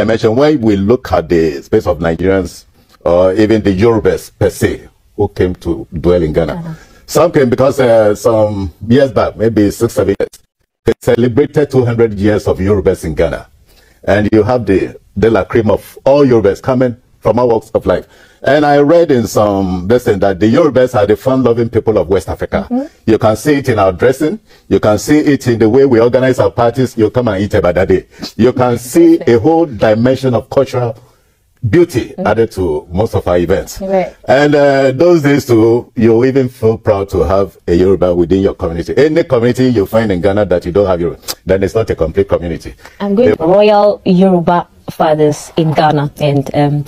dimension, when we look at the space of Nigerians, or uh, even the Yorubas per se, who came to dwell in Ghana, some came because uh, some years back, maybe six, seven years, they celebrated 200 years of Yorubas in Ghana. And you have the, the la cream of all Yorubas coming from our walks of life. And I read in some dressing that the Yorubas are the fun-loving people of West Africa. Mm -hmm. You can see it in our dressing. You can see it in the way we organize our parties. You come and eat about day. You can mm-hmm. see a whole dimension of cultural beauty mm -hmm. added to most of our events. Right. And uh, those days too, you even feel proud to have a Yoruba within your community. Any community you find in Ghana that you don't have Yoruba, then it's not a complete community. I'm going the, to Royal Yoruba fathers in Ghana and um,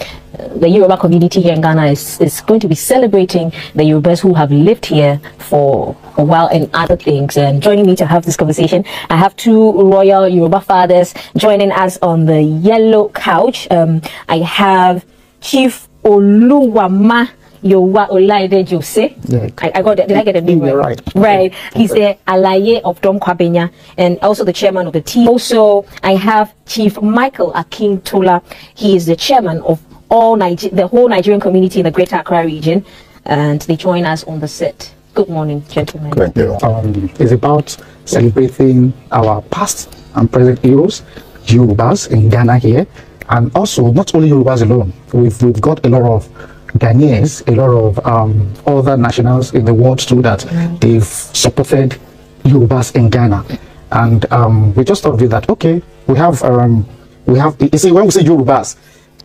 the Yoruba community here in Ghana is, is going to be celebrating the Yorubas who have lived here for a while and other things. And joining me to have this conversation, I have two royal Yoruba fathers joining us on the yellow couch. Um, I have Chief Oluwama Yowa Olaide Jose. Yeah. I, I got that. Did I get the name right? right? Right. He's the Alaye of Dom kwabenya and also the chairman of the team. Also, I have Chief Michael Akintola. He is the chairman of all Niger the whole Nigerian community in the Greater Accra region, and they join us on the set. Good morning, gentlemen. Thank you. Um, it's about celebrating our past and present heroes, Yorubas in Ghana here, and also not only Yorubas alone. We've we've got a lot of Ghanaians, a lot of um, other nationals in the world too that they've supported Yorubas in Ghana. And um, we just thought of that, okay, we have, um, we have, you see, when we say Yorubas,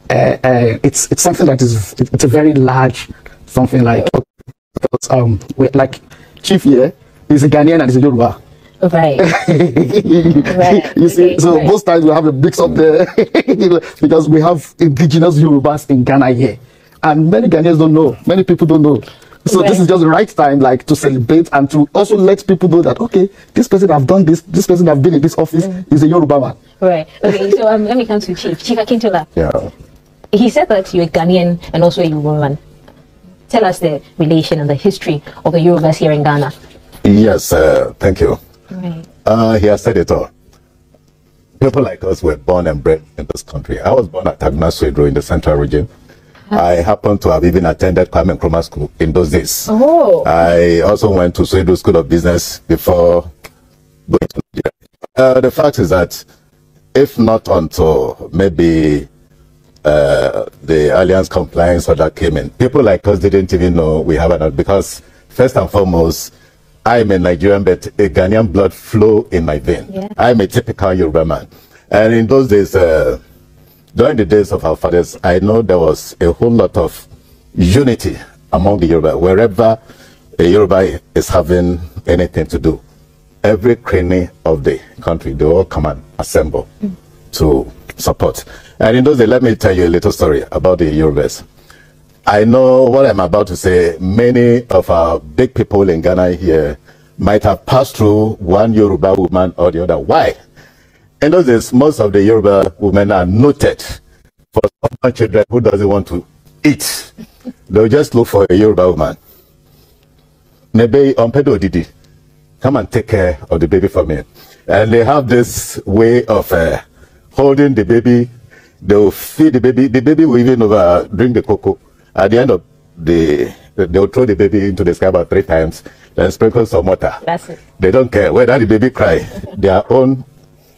uh, uh, it's, it's something that is, it's a very large, something like, um, like Chief here is a Ghanaian and is a Yoruba. Right. right. You see, so right. most times we have a mix up there because we have indigenous Yorubas in Ghana here and many Ghanaians don't know. Many people don't know. So right. this is just the right time, like to celebrate and to also let people know that okay, this person have done this, this person have been in this office mm. is a Yoruba man. Right. Okay. so um, let me come to Chief Chief Akintola. Yeah. He said that you're a Ghanaian and also a Yoruba man. Tell us the relation and the history of the Yorubas here in Ghana. Yes. Uh, thank you. Right. Uh, he has said it all. People like us were born and bred in this country. I was born at Agnasu in the central region. I happen to have even attended Kwame Nkrumah School in those days. Oh. I also went to Swedo School of Business before going to Nigeria. Uh, the fact is that if not until maybe uh, the alliance compliance order came in, people like us didn't even know we have an because first and foremost, I'm a Nigerian, but a Ghanaian blood flow in my vein. Yeah. I'm a typical Yoruba man. And in those days, uh, during the days of our fathers, I know there was a whole lot of unity among the Yoruba. Wherever a Yoruba is having anything to do, every cranny of the country, they all come and assemble mm. to support. And in those days, let me tell you a little story about the Yorubas. I know what I'm about to say. Many of our big people in Ghana here might have passed through one Yoruba woman or the other. Why? In those days, most of the Yoruba women are noted for someone children who doesn't want to eat. They'll just look for a Yoruba woman. Nebe on pedo didi, come and take care of the baby for me. And they have this way of uh, holding the baby. They'll feed the baby. The baby will even over drink the cocoa. At the end of the they'll throw the baby into the sky about three times, then sprinkle some water. That's it. They don't care whether the baby cry. Their own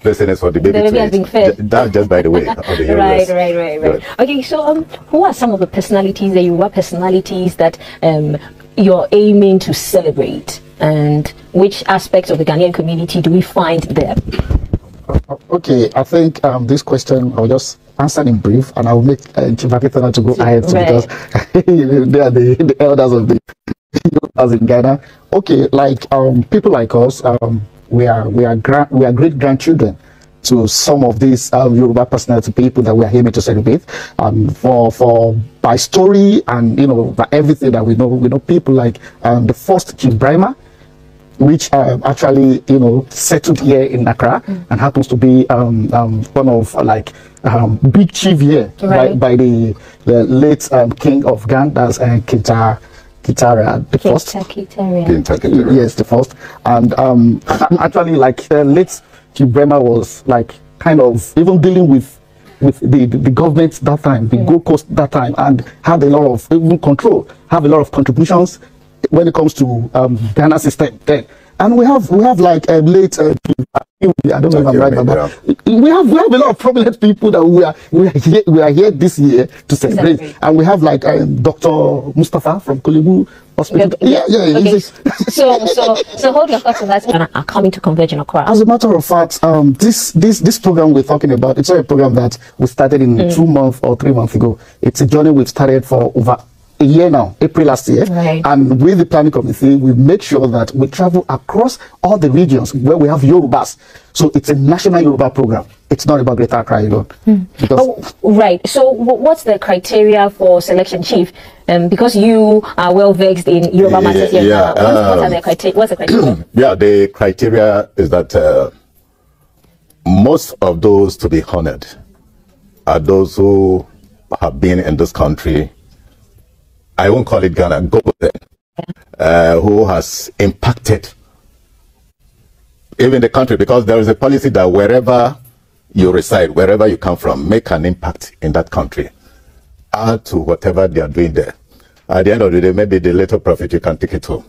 listeners for the baby, the baby has been fed. That's just by the way. the right, right, right, right, Okay, so um, who are some of the personalities that you were personalities that um, you're aiming to celebrate, and which aspects of the Ghanaian community do we find there? Okay, I think um, this question I'll just answer in brief, and I'll make uh, Chibakitana to go ahead because they are the, the elders of the as in Ghana. Okay, like um, people like us. Um, we are we are we are great grandchildren to some of these um, Yoruba personality people that we are here to celebrate. Um, for for by story and you know by everything that we know, we know people like um, the first King Brahma, which um, actually you know settled here in Accra mm. and happens to be um, um, one of like um, big chief here right. by, by, the, the late um, king of Ghana, and uh, Kitara, the first. Kentucky Terrier. Yes, the first. And um, actually, like uh, late Kibrema was like kind of even dealing with with the, the, the government that time, the Go mm. Gold Coast that time, and had a lot of even control, have a lot of contributions when it comes to um, Ghana system then. And we have we have like a um, late uh, I don't know if I'm right, but we have we have a lot of prominent people that we are we are here we are here this year to celebrate, exactly. and we have like um, Doctor Mustafa from Kulibu Hospital. yeah, yeah. yeah okay. so so so hold your thoughts on that are coming to Converge Accra. As a matter of fact, um, this this this program we're talking about it's a program that we started in mm. two months or three months ago. It's a journey we've started for over a year now, April last year, right. and with the planning committee, we make sure that we travel across all the regions where we have Yorubas. So it's a national Yoruba program. It's not about Greater Accra alone. Hmm. Oh, right. So what's the criteria for selection, Chief? Um, because you are well versed in Yoruba yeah, matters here yeah, now. what are the um, criteria? What's the criteria? yeah, the criteria is that uh, most of those to be honored are those who have been in this country I won't call it Ghana, Golden, uh, who has impacted even the country because there is a policy that wherever you reside, wherever you come from, make an impact in that country. Add to whatever they are doing there. At the end of the day, maybe the little profit you can take it home.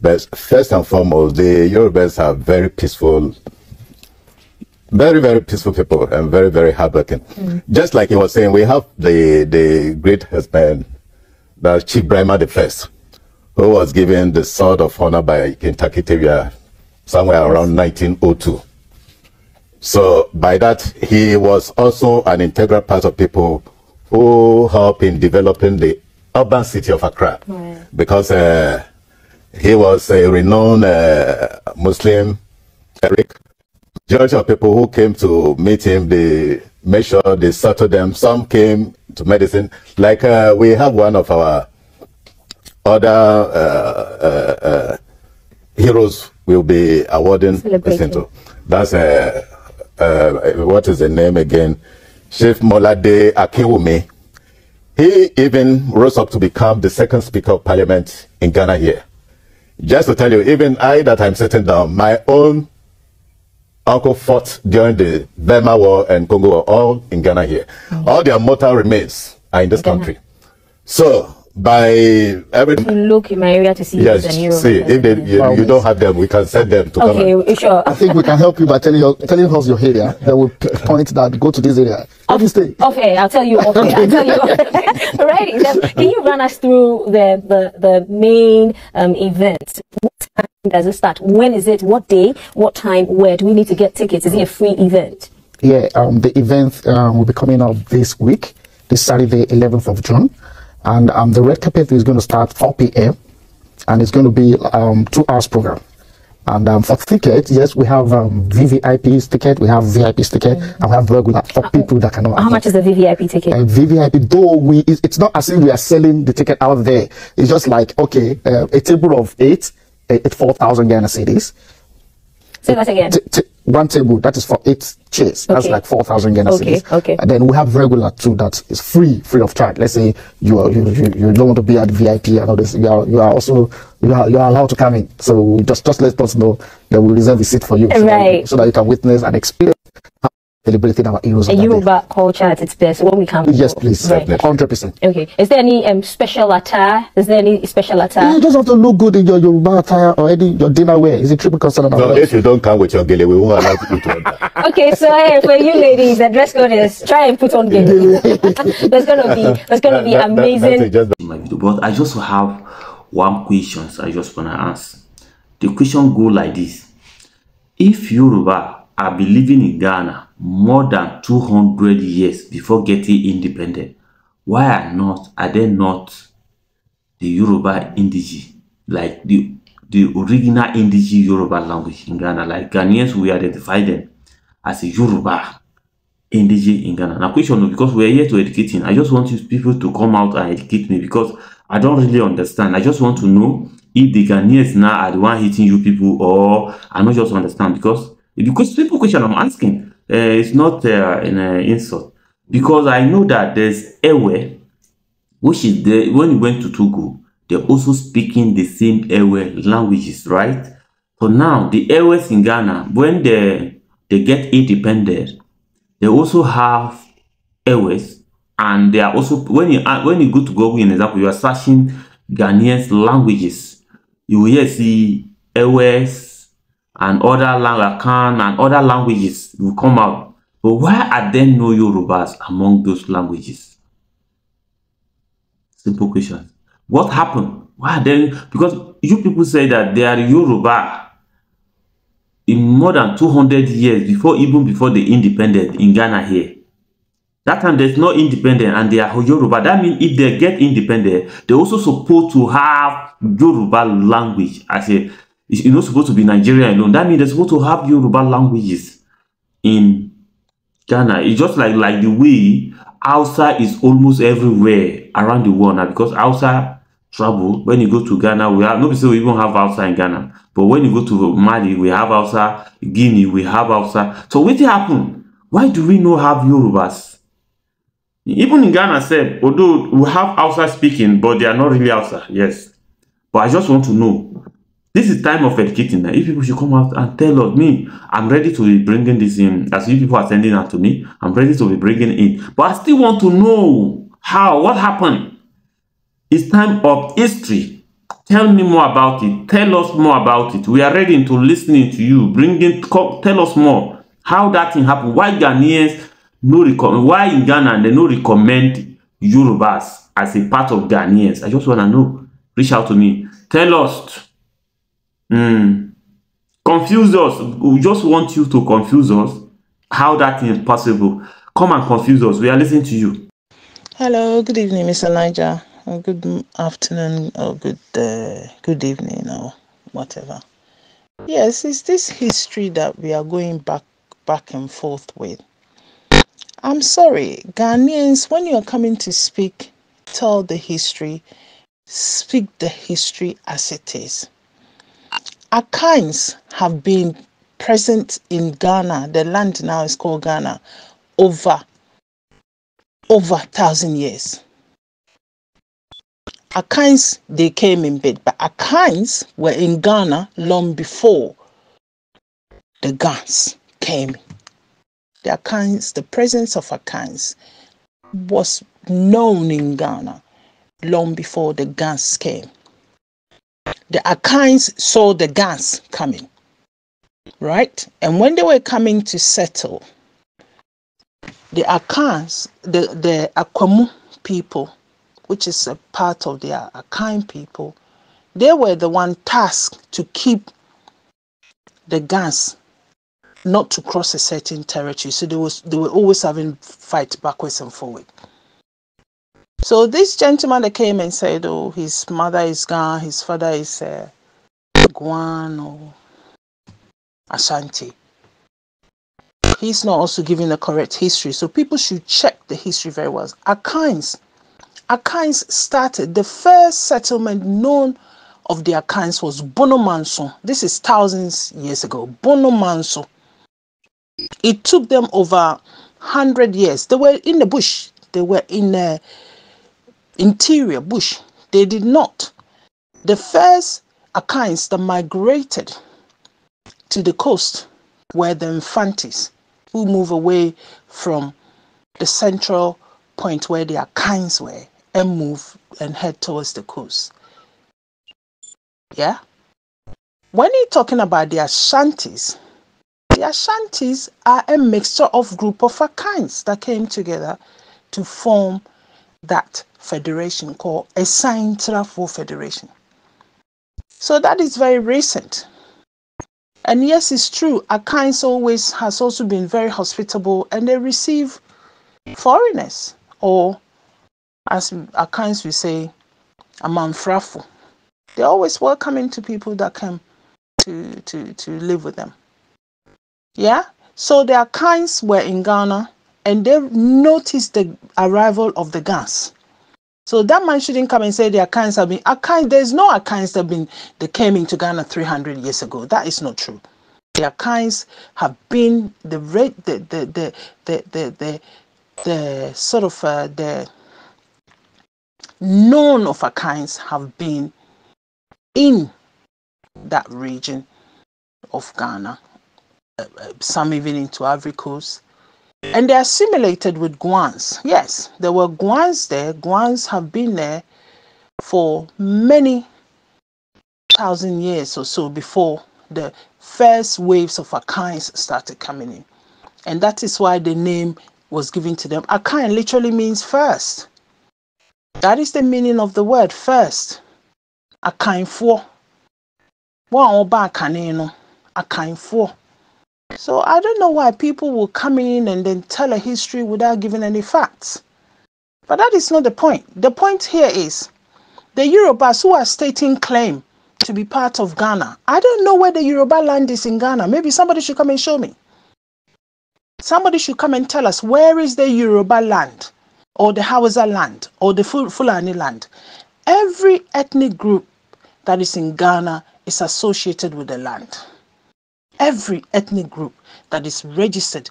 But first and foremost, the Europeans are very peaceful, very, very peaceful people and very, very hardworking. Mm. Just like he was saying, we have the, the great husband, that's Chief Brahma the first, who was given the sword of honor by Kentucky Terrier somewhere around 1902. So by that, he was also an integral part of people who helped in developing the urban city of Accra. Because uh, he was a renowned uh, Muslim cleric. George of people who came to meet him, they made sure they settled them. Some came to medicine. Like uh, we have one of our other uh, uh, uh heroes will be awarding Jacinto. That's uh, what is the name again? Chief Molade Akiwumi. He even rose up to become the second Speaker of Parliament in Ghana here. Just to tell you, even I that I'm sitting down, my own uncle fought during the Burma War and Congo War, all in Ghana here. Mm -hmm. All their mortal remains are in this country. So by every you look in my area to see yes see if they you, you don't have them we can send them to okay come sure i think we can help you by telling you telling us your area that we'll point that go to this area Obviously. okay i'll tell you okay i'll tell you right can you run us through the the, the main um event what time does it start when is it what day what time where do we need to get tickets is it a free event yeah um the event um, will be coming up this week this saturday 11th of june and um, the red carpet is going to start 4 p.m. and it's going to be um, two hours program. And um, for tickets, yes, we have um, ticket, we have VIP ticket, mm -hmm. and we have regular for people that cannot. How much is the VVIP ticket? And uh, VVIP, though we, it's not as if we are selling the ticket out there. It's just like okay, uh, a table of eight, at four thousand Ghana cedis. Say that again. T one table that is for eight chairs. Okay. That's like four thousand Ghana okay. Cities. Okay. And then we have regular too that is free, free of charge. Let's say you are, you, you, you don't want to be at VIP and all this. You are you are also you are you are allowed to come in. So just just let us know that we reserve a seat for you, so right. That you, so that you can witness and experience celebrating our heroes. Yoruba culture at its best when we come. Yes, to, please. Hundred right. percent. Okay. Is there any um, special attire? Is there any special attire? You just have to look good in your Yoruba attire or any your dinner wear. Is it triple concern? No, if you don't come with your gele, we won't allow you to okay, so hey, uh, for you ladies, the dress code is try and put on gele. there's gonna be there's gonna that, be that, amazing. That, but I just have one question I just wanna ask. The question go like this: If Yoruba had been living in Ghana more than 200 years before getting independent, why are not are they not the Yoruba Indigi, like the the original Indigi Yoruba language in Ghana? Like Ghanaians, we identify them as a Yoruba Indigi in Ghana. Now, question because we are here to educate him. I just want you people to come out and educate me because I don't really understand. I just want to know if the Ghanaians now are the one hitting you people or I not just understand because because people question I'm asking. Uh, it's not uh, an uh, insult because I know that there's Ewe, which is the when you went to Togo, they're also speaking the same Ewe languages, right? So now the Ewes in Ghana, when they they get independent, they also have Ewes, and they are also when you uh, when you go to Google, in example, you are searching Ghanaian languages, you will see Ewes and other Langakan and other languages will come out. But why are there no Yorubas among those languages? Simple question. What happened? Why are there? Because you people say that they are Yoruba in more than 200 years before even before the independence in Ghana here. That time there's no independent and they are Yoruba. That means if they get independent, they're also supposed to have Yoruba language as a it's not supposed to be Nigeria alone. That means they're supposed to have Yoruba languages in Ghana. It's just like, like the way Hausa is almost everywhere around the world now because Hausa travel. When you go to Ghana, we have, nobody say we even have Hausa in Ghana. But when you go to Mali, we have Hausa. Guinea, we have Hausa. So what happened? Why do we not have Yorubas? Even in Ghana, said although we have Hausa speaking, but they are not really Hausa. Yes. But I just want to know this is time of educating now. If people should come out and tell us, me, I'm ready to be bringing this in. As you people are sending out to me, I'm ready to be bringing in. But I still want to know how, what happened. It's time of history. Tell me more about it. Tell us more about it. We are ready to listening to you. Bringing, tell us more how that thing happened. Why Ghanaians no recommend? Why in Ghana they no recommend Yorubas as a part of Ghanaians? I just want to know. Reach out to me. Tell us. Mm. Confuse us. We just want you to confuse us. How that is possible. Come and confuse us. We are listening to you. Hello. Good evening, Mr. Elijah. Good afternoon or good uh, good evening or whatever. Yes, it's this history that we are going back back and forth with. I'm sorry, Ghanaians, when you are coming to speak, tell the history, speak the history as it is. Akans have been present in Ghana, the land now is called Ghana, over over a thousand years. Akans, they came in bed, but Akans were in Ghana long before the Gans came. The Akans, the presence of Akans was known in Ghana long before the Gans came the Achaeans saw the gas coming, right? And when they were coming to settle, the Achaeans, the, the Akwamu people, which is a part of the Achaean people, they were the one tasked to keep the gas not to cross a certain territory. So they, was, they were always having fight backwards and forward. So this gentleman that came and said, oh, his mother is gone, his father is uh, Guan or Ashanti. He's not also giving the correct history. So people should check the history very well. Akans, Akans started, the first settlement known of the Akans was Bonomanso. This is thousands years ago. Bonomanso. It took them over 100 years. They were in the bush. They were in uh, interior bush. They did not. The first Akans that migrated to the coast were the Infantes, who move away from the central point where the Akans were and move and head towards the coast. Yeah? When you're talking about the Ashantis, the Ashantis are a mixture of group of Akans that came together to form that federation called a Esaintrafo Federation. So that is very recent. And yes, it's true, Akans always has also been very hospitable and they receive foreigners, or as Akans we say, Amanfrafo. They're always welcoming to people that come to, to, to live with them. Yeah? So their kinds were in Ghana and they noticed the arrival of the gas. So that man shouldn't come and say the accounts have been Akans. There's no accounts that have been they came into Ghana 300 years ago. That is not true. The accounts have been the red the the the the the, the, the sort of uh, the known of accounts have been in that region of Ghana. Uh, uh some even into Africa's. And they assimilated with Guans. Yes, there were Guans there. Guans have been there for many thousand years or so before the first waves of Akans started coming in. And that is why the name was given to them. Akan literally means first. That is the meaning of the word first. Akanfo. Wa oba akane no. So I don't know why people will come in and then tell a history without giving any facts. But that is not the point. The point here is the Yorubas who are stating claim to be part of Ghana. I don't know where the Yoruba land is in Ghana. Maybe somebody should come and show me. Somebody should come and tell us where is the Yoruba land or the Hausa land or the Fulani land. Every ethnic group that is in Ghana is associated with the land every ethnic group that is registered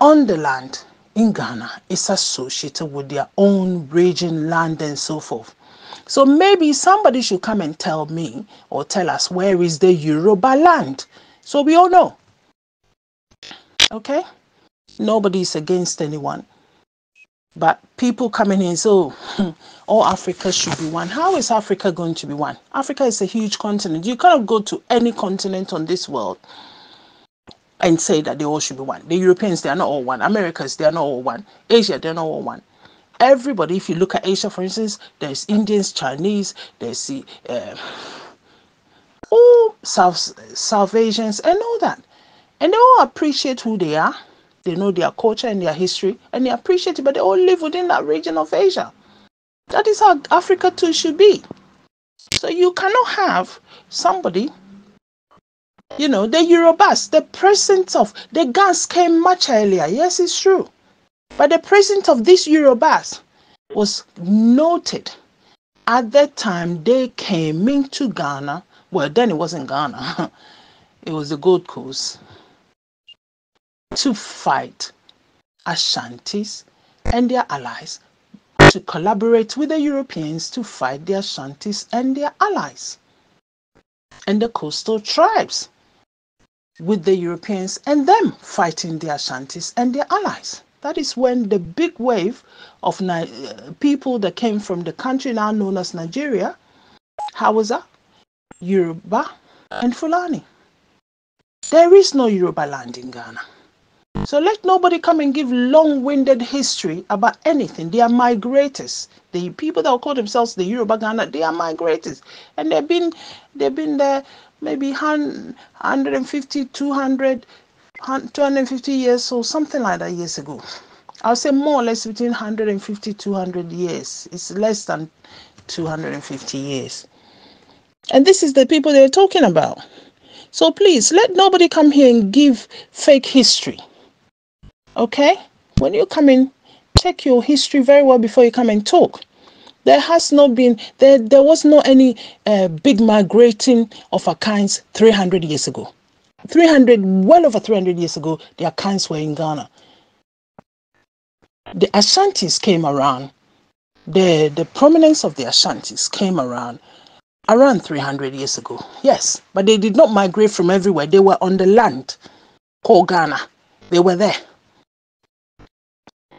on the land in Ghana is associated with their own region, land, and so forth. So maybe somebody should come and tell me or tell us where is the Yoruba land. So we all know. Okay? Nobody is against anyone. But people coming in, so all Africa should be one. How is Africa going to be one? Africa is a huge continent. You cannot go to any continent on this world and say that they all should be one. The Europeans, they are not all one. Americans, they are not all one. Asia, they're not all one. Everybody, if you look at Asia, for instance, there's Indians, Chinese, there's the, uh, all South, South Asians, and all that. And they all appreciate who they are they know their culture and their history and they appreciate it, but they all live within that region of Asia. That is how Africa too should be. So you cannot have somebody, you know, the Eurobus, the presence of the gas came much earlier. Yes, it's true. But the presence of this Eurobus was noted at that time they came into Ghana. Well, then it wasn't Ghana, it was the Gold Coast to fight Ashantis and their allies, to collaborate with the Europeans to fight the Ashantis and their allies, and the coastal tribes with the Europeans and them fighting the Ashantis and their allies. That is when the big wave of Ni uh, people that came from the country now known as Nigeria, Hausa, Yoruba, and Fulani. There is no Yoruba land in Ghana. So let nobody come and give long winded history about anything. They are migrators. The people that call themselves the Yoruba Ghana, they are migrators. And they've been, they've been there maybe 150, 200, 250 years or something like that years ago. I'll say more or less between 150, 200 years. It's less than 250 years. And this is the people they're talking about. So please let nobody come here and give fake history. Okay? When you come in, check your history very well before you come and talk. There has not been, there, there was not any uh, big migrating of Akans 300 years ago. 300, well over 300 years ago, the Akans were in Ghana. The Ashantis came around. The, the prominence of the Ashantis came around around 300 years ago. Yes, but they did not migrate from everywhere. They were on the land called Ghana. They were there.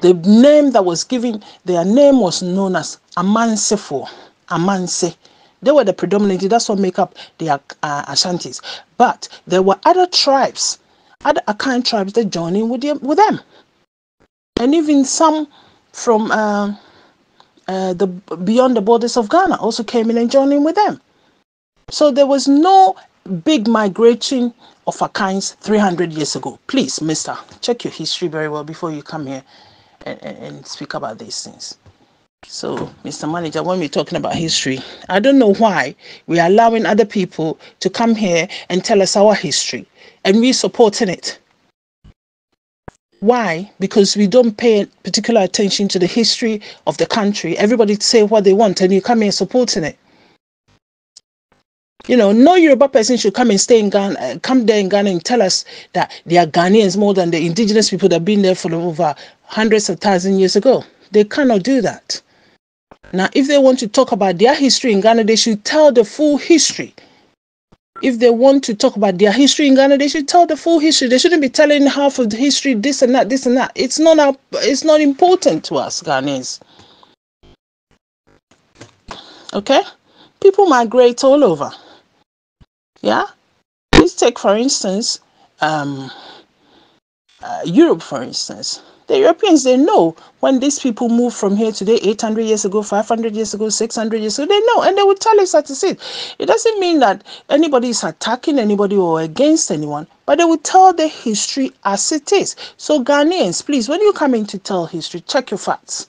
The name that was given, their name was known as Amansefo, Amanse. They were the predominantly, that's what make up the uh, Ashantis. But there were other tribes, other Akan tribes that joined in with, the, with them. And even some from uh, uh, the beyond the borders of Ghana also came in and joined in with them. So there was no big migration of Akans 300 years ago. Please, mister, check your history very well before you come here and, and, and speak about these things. So, Mr. Manager, when we're talking about history, I don't know why we're allowing other people to come here and tell us our history and we're supporting it. Why? Because we don't pay particular attention to the history of the country. Everybody say what they want and you come here supporting it. You know, no Yoruba person should come and stay in Ghana, uh, come there in Ghana and tell us that they are Ghanaians more than the indigenous people that have been there for over hundreds of thousands years ago. They cannot do that. Now, if they want to talk about their history in Ghana, they should tell the full history. If they want to talk about their history in Ghana, they should tell the full history. They shouldn't be telling half of the history, this and that, this and that. It's not our, it's not important to us Ghanaians. Okay? People migrate all over. Yeah, please take for instance um, uh, Europe, for instance. The Europeans they know when these people moved from here today, 800 years ago, 500 years ago, 600 years ago, they know and they will tell us that is it. It doesn't mean that anybody is attacking anybody or against anyone, but they will tell the history as it is. So, Ghanaians, please, when you come in to tell history, check your facts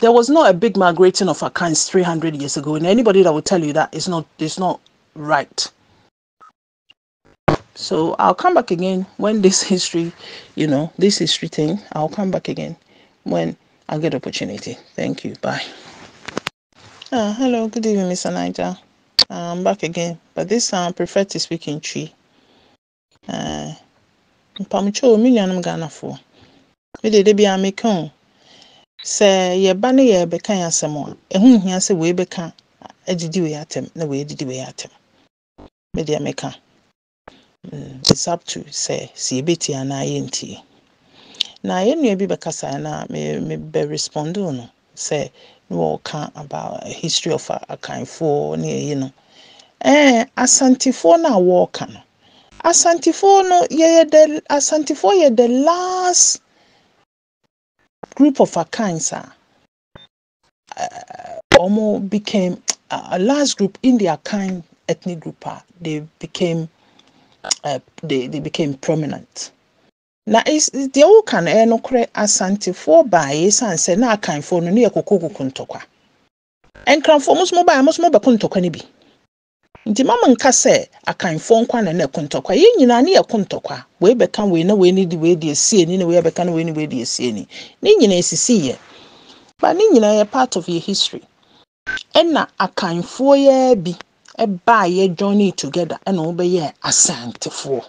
there was not a big migrating of accounts 300 years ago and anybody that will tell you that is not is not right so i'll come back again when this history you know this history thing i'll come back again when i get opportunity thank you bye uh, hello good evening mr niger i'm back again but this time i prefer to speak in tree uh, i o me nuanom mede de bia meka o sɛ yɛba ne yɛbɛka yɛ asɛm a ɛho nhia sɛ wei bɛka adidi wei atɛm na wei adidi wei atɛm medeɛ meka Eh, it's up to sɛ sɛ yɛbɛtie anaa yɛntie na yɛn nua bi bɛkasa na me me be respond oh, no sɛ about history of for ne you know. ɛɛ eh, asantefoɔ ah, no a wɔreka no asantefoɔ no yɛyɛ the asantefoɔ yɛ the last group of akans a wɔn uh, eh, became a uh, last group in their kind ethnic group uh, they became. uh, they, they became prominent. na deɛ woka no ɛyɛ nokorɛ asantefoɔ baa yɛsiane sɛ na akanfoɔ no ne yɛ kokokoko ntɔkwa nkramfoɔ mo so mo baa mo so mobɛko ntɔkwa no bi nti mama nka sɛ akanfoɔ nkwa na na ɛko ntɔkwa yɛn nyinaa ne yɛko ntɔkwa wei bɛka wei na wei ne di wei di esie ni na wei bɛka na wei ne wei di esie ni ne nyinaa esisi yɛ ba ne nyinaa yɛ part of your history ɛna akanfoɔ yɛ bi ɛba a yɛjoine together ɛna wɔbɛyɛ asantefoɔ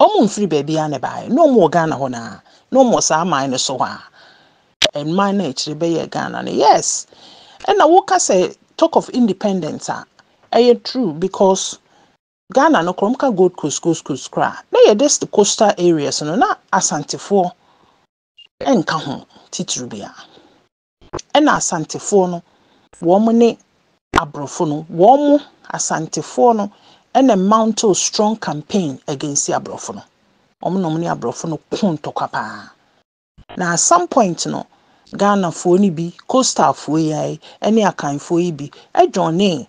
wɔn mfiri baabi a na baayɛ na wɔn wɔ ghana hɔ naa na wɔn wɔ saa aman no so hɔ a mman no akyire bɛyɛ ghana no yes ɛna wɔka sɛ talk of independence a ɛyɛ true because ghana no koraa ka gold coast coast coast koraa na yɛde the coastal areas no na asantefoɔ nka ho titiri bia ɛna asantefoɔ no wɔn ne aborɔfo no wɔn mo asantefoɔ no na mountable strong campaign against aborɔfo no wɔn na wɔn ne aborɔfo no ko ntɔkwa paa na at some point no ghanafoɔ no bi coastalfoɔ yi ayi ne akanfoɔ yi bi adwɔne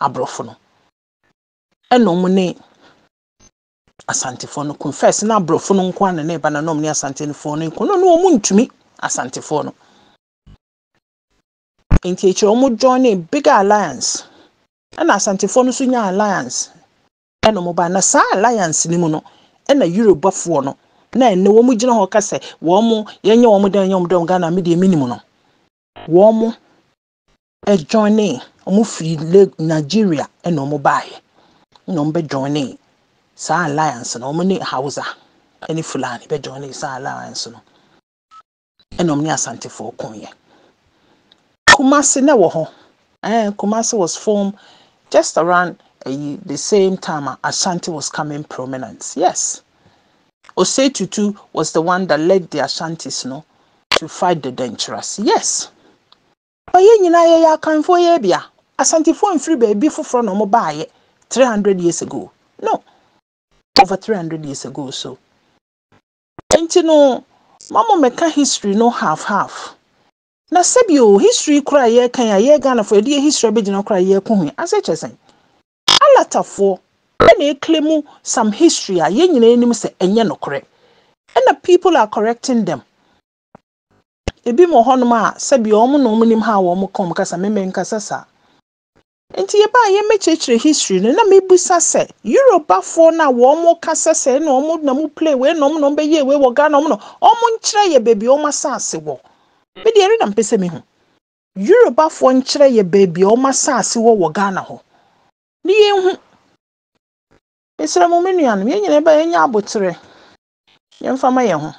aborɔfo no ɛna wɔn ne asantefoɔ no kun confess na aborɔfo no nko ara na ne ba na na wɔn ne asantefoɔ no nko na wɔn ntumi asantefoɔ no. nti akyire wɔn join a bigger alliance ɛna asantefoɔ no nso nya alliance ɛna wɔn ba na saa alliance no mu no ɛna eurobafoɔ no na ɛnɛ wɔn gyina hɔ kasa wɔn yɛnyɛ wɔn dɛn yɛn wɔn dɛn ghana mi deɛ minimu no wɔn ɛjoin wɔn firi nigeria ɛna wɔn baeɛ ɛna wɔn bɛ join saa alliance na wɔn ne hausa ɛne fulani bɛ join saa alliance no ɛna wɔn ne asantefoɔ kɔn yɛ. Kumasi na wɔ hɔ eh, Kumasi was formed just around eh, the same time Ashanti was coming prominent. Yes. Osei Tutu was the one that led the Ashantis no, to fight the Dangerous. Yes. Ɔyɛ nyinaa yɛyɛ akanfoɔ yɛ bia. Asantifoɔ mfiri baabi foforɔ na ɔmo three hundred years ago. No. Over three hundred years ago so. Nti no, mama mɛka history no half half na sɛbio history koraa yɛrekan a yɛyɛ ghanafoɔ yɛde yɛ history bɛgyina koraa yɛreko ho asɛ kyerɛ sɛn alatafoɔ ɛna ekle mu some history a yɛn nyinaa anim sɛ ɛnyɛ nokorɛ ɛna people are correcting them ebi mu hɔnom a sɛbia wɔn na wɔn nim ha a wɔn kɔn kasa mmɛmɛ nkasa saa nti yɛ baa yɛn mɛkyerɛkyerɛ history no na mɛbusa sɛ yorubafoɔ na wɔn kasa sɛ ɛna wɔn na mu play wei na wɔn na wɔn bɛyɛ wei wɔ ghana wɔn na wɔn nkyerɛ yɛ baabi wɔn asase wɔ. me deɛ ɛre na mpɛ sɛ mehu yorubafoɔ nkyerɛ yɛ beebi a ɔma saase wɔ wɔ ghana hɔ ne yɛnhu mesrɛ mo me nuanom yɛn nyinaa bɛyɛ nyɛ aboterɛ yɛmfa ma yɛn ho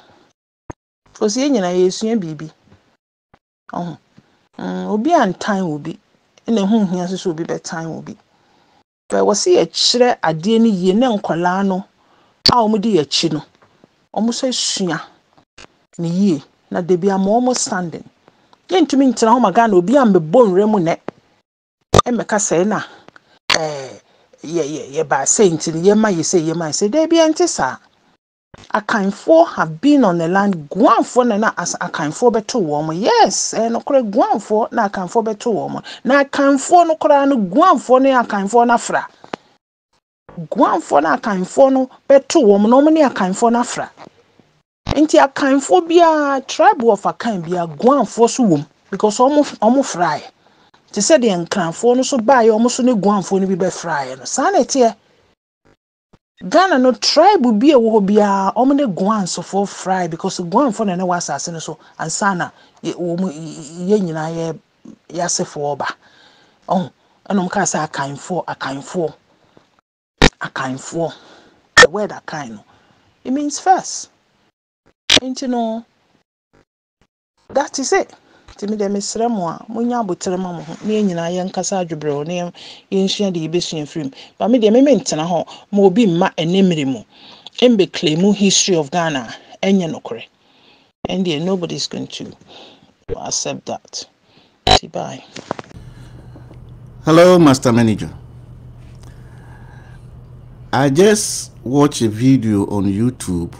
ɔsi yɛn nyinaa yɛsua biribi ɔho mm, obi antan obi na ɛho hia nso sɛ obi bɛtan obi bɛ wɔsi yɛkyerɛ adeɛ no yie ne nkɔlaa no a wɔn di yɛkyi no wɔn nso sua ne yie. na debi ama wɔn standing yɛntumi ntena hɔ ma ghana obi a mbɛbɔ nwura mu nɛ ɛmɛka e sɛ na ɛɛ eh, yɛ yɛ yɛ baasa nti no yɛma yɛ sɛ yɛma yɛ sɛ debi ɛnte saa akanfoɔ have been on the land guanfoɔ na na as akanfoɔ bɛto wɔn yes ɛnokorɛ eh, guanfoɔ na akanfoɔ bɛto wɔn na akanfoɔ no koraa no guanfoɔ ne akanfoɔ no afra guanfoɔ na akanfoɔ no bɛto wɔn na wɔn ne akanfoɔ no afra nti akanfoɔ biara tribe of akan biara guanfoɔ so wɔ mu because wɔn wɔn fry. te sɛ deɛ nkranfoɔ no so baeɛ wɔn so ne guanfoɔ no bi bɛ fraeɛ no saa na ɛteɛ ghana no tribe bi a ɛwɔ hɔ biara wɔn ne guansofoɔ fry because guanfoɔ na ɛna wɔ asase no so ansa na wɔn yɛ nyinaa yɛ yɛasefoɔ ba ɔn ɛna wɔn kaa sɛ akanfoɔ akanfoɔ akanfoɔ the word akan no it means first nti no that is it tìmí dẹ mesrɛ mo a monya abotire ma mo ho ne yɛn nyinaa yɛnkasa adwobrɛw ne yɛnsua deɛ yɛbɛsua firi mu ba me deɛ meme ntena hɔ ma obi mma ɛne mmere mu mbɛkle mu history of ghana ɛnyɛ nokorɛ ɛndeɛ nobody is going to accept that nti bye hello master manager i just watch a video on youtube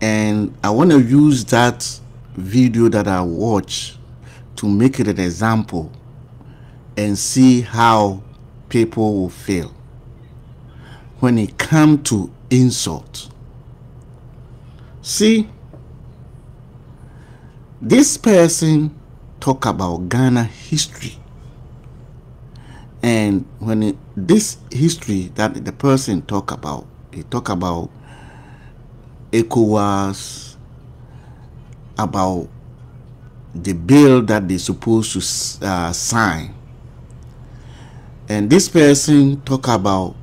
and I want to use that video that I watch to make it an example and see how people will feel when it comes to insult. See, this person talk about Ghana history. And when it, this history that the person talk about, he talk about ECOWAS about the bill that they're supposed to uh, sign. And this person talk about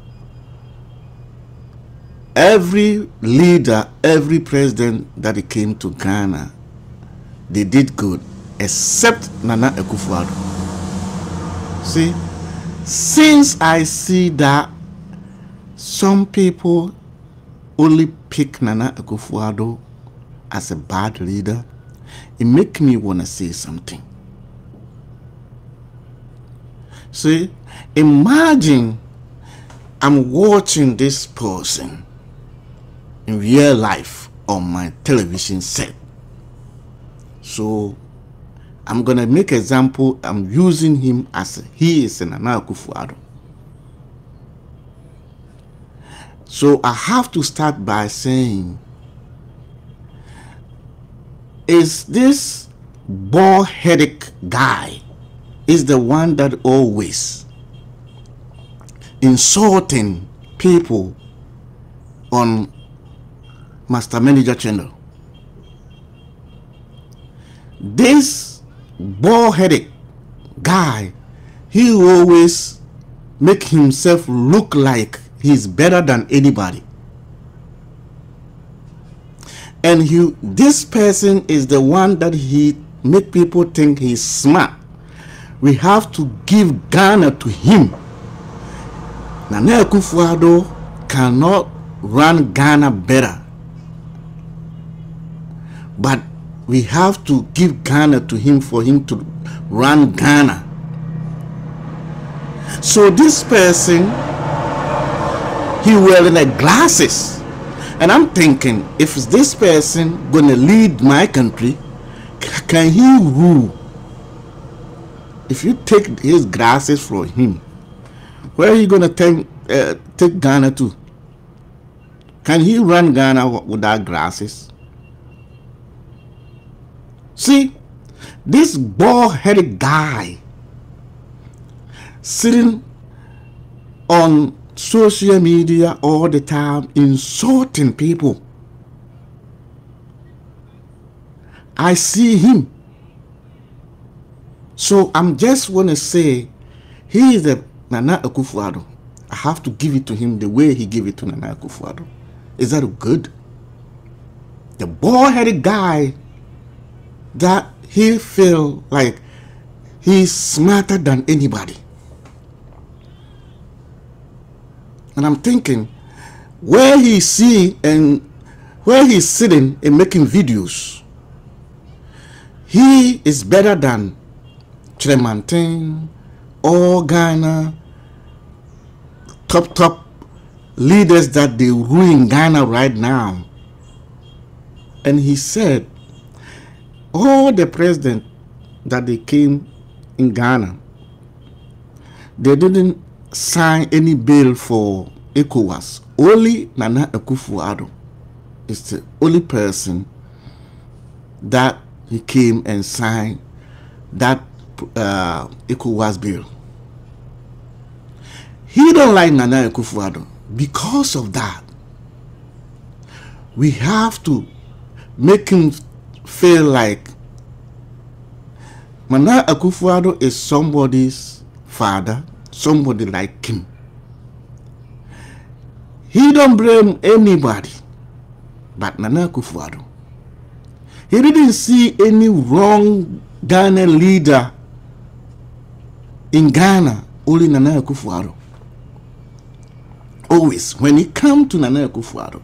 every leader, every president that he came to Ghana, they did good, except Nana Ekufuado. See, since I see that some people only pick Nana Akufuado as a bad leader, it make me want to say something. See, imagine I'm watching this person in real life on my television set. So I'm gonna make example. I'm using him as he is in Nana Akufuado. So I have to start by saying, is this ball headed guy is the one that always insulting people on Master Manager channel. This ball headed guy, he always make himself look like He's better than anybody. And he, this person is the one that he make people think he's smart. We have to give Ghana to him. Nana Akufo-Addo cannot run Ghana better. But we have to give Ghana to him for him to run Ghana. So this person he wearing a glasses. And I'm thinking, if this person gonna lead my country, can he rule? If you take his glasses from him, where are you gonna take, uh, take Ghana to? Can he run Ghana without glasses? See, this bald-headed guy sitting on social media all the time insulting people. I see him. So I'm just want to say he is a Nana Akufuado. I have to give it to him the way he gave it to Nana Akufuado. Is that good? The bald-headed guy that he feel like he's smarter than anybody. And I'm thinking, where he see and where he's sitting and making videos, he is better than Tremantin or Ghana top top leaders that they ruin Ghana right now. And he said, all the president that they came in Ghana, they didn't sign any bill for ECOWAS. Only Nana Akufo-Addo is the only person that he came and signed that uh, ECOWAS bill. He don't like Nana Akufo-Addo. Because of that, we have to make him feel like Nana Akufo-Addo is somebody's father somebody like him. He don't blame anybody but Nana Kufuado. He didn't see any wrong Ghana leader in Ghana, only Nana Kufuado. Always, when it comes to Nana Kufuado,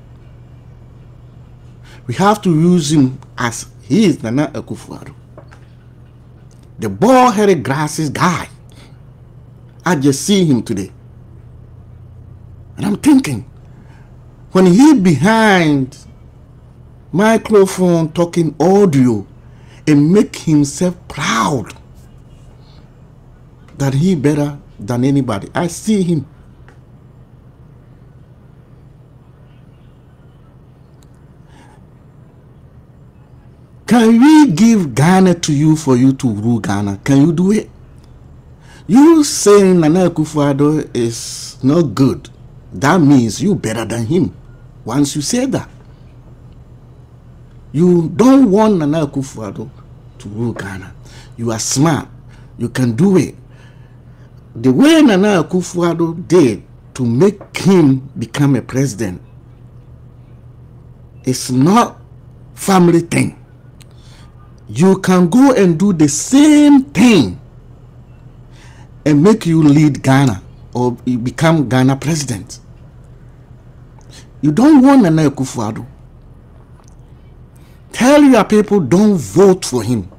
we have to use him as he is Nana Kufuado. The bald-headed glasses guy I just see him today. And I'm thinking, when he behind microphone talking audio and make himself proud that he better than anybody. I see him. Can we give Ghana to you for you to rule Ghana? Can you do it? you saying Nana Akufo-Addo is not good, that means you better than him. Once you say that, you don't want Nana Akufo-Addo to rule Ghana. You are smart. You can do it. The way Nana Akufo-Addo did to make him become a president is not family thing. You can go and do the same thing and make you lead Ghana or become Ghana president. You don't want Nana akufo Tell your people don't vote for him.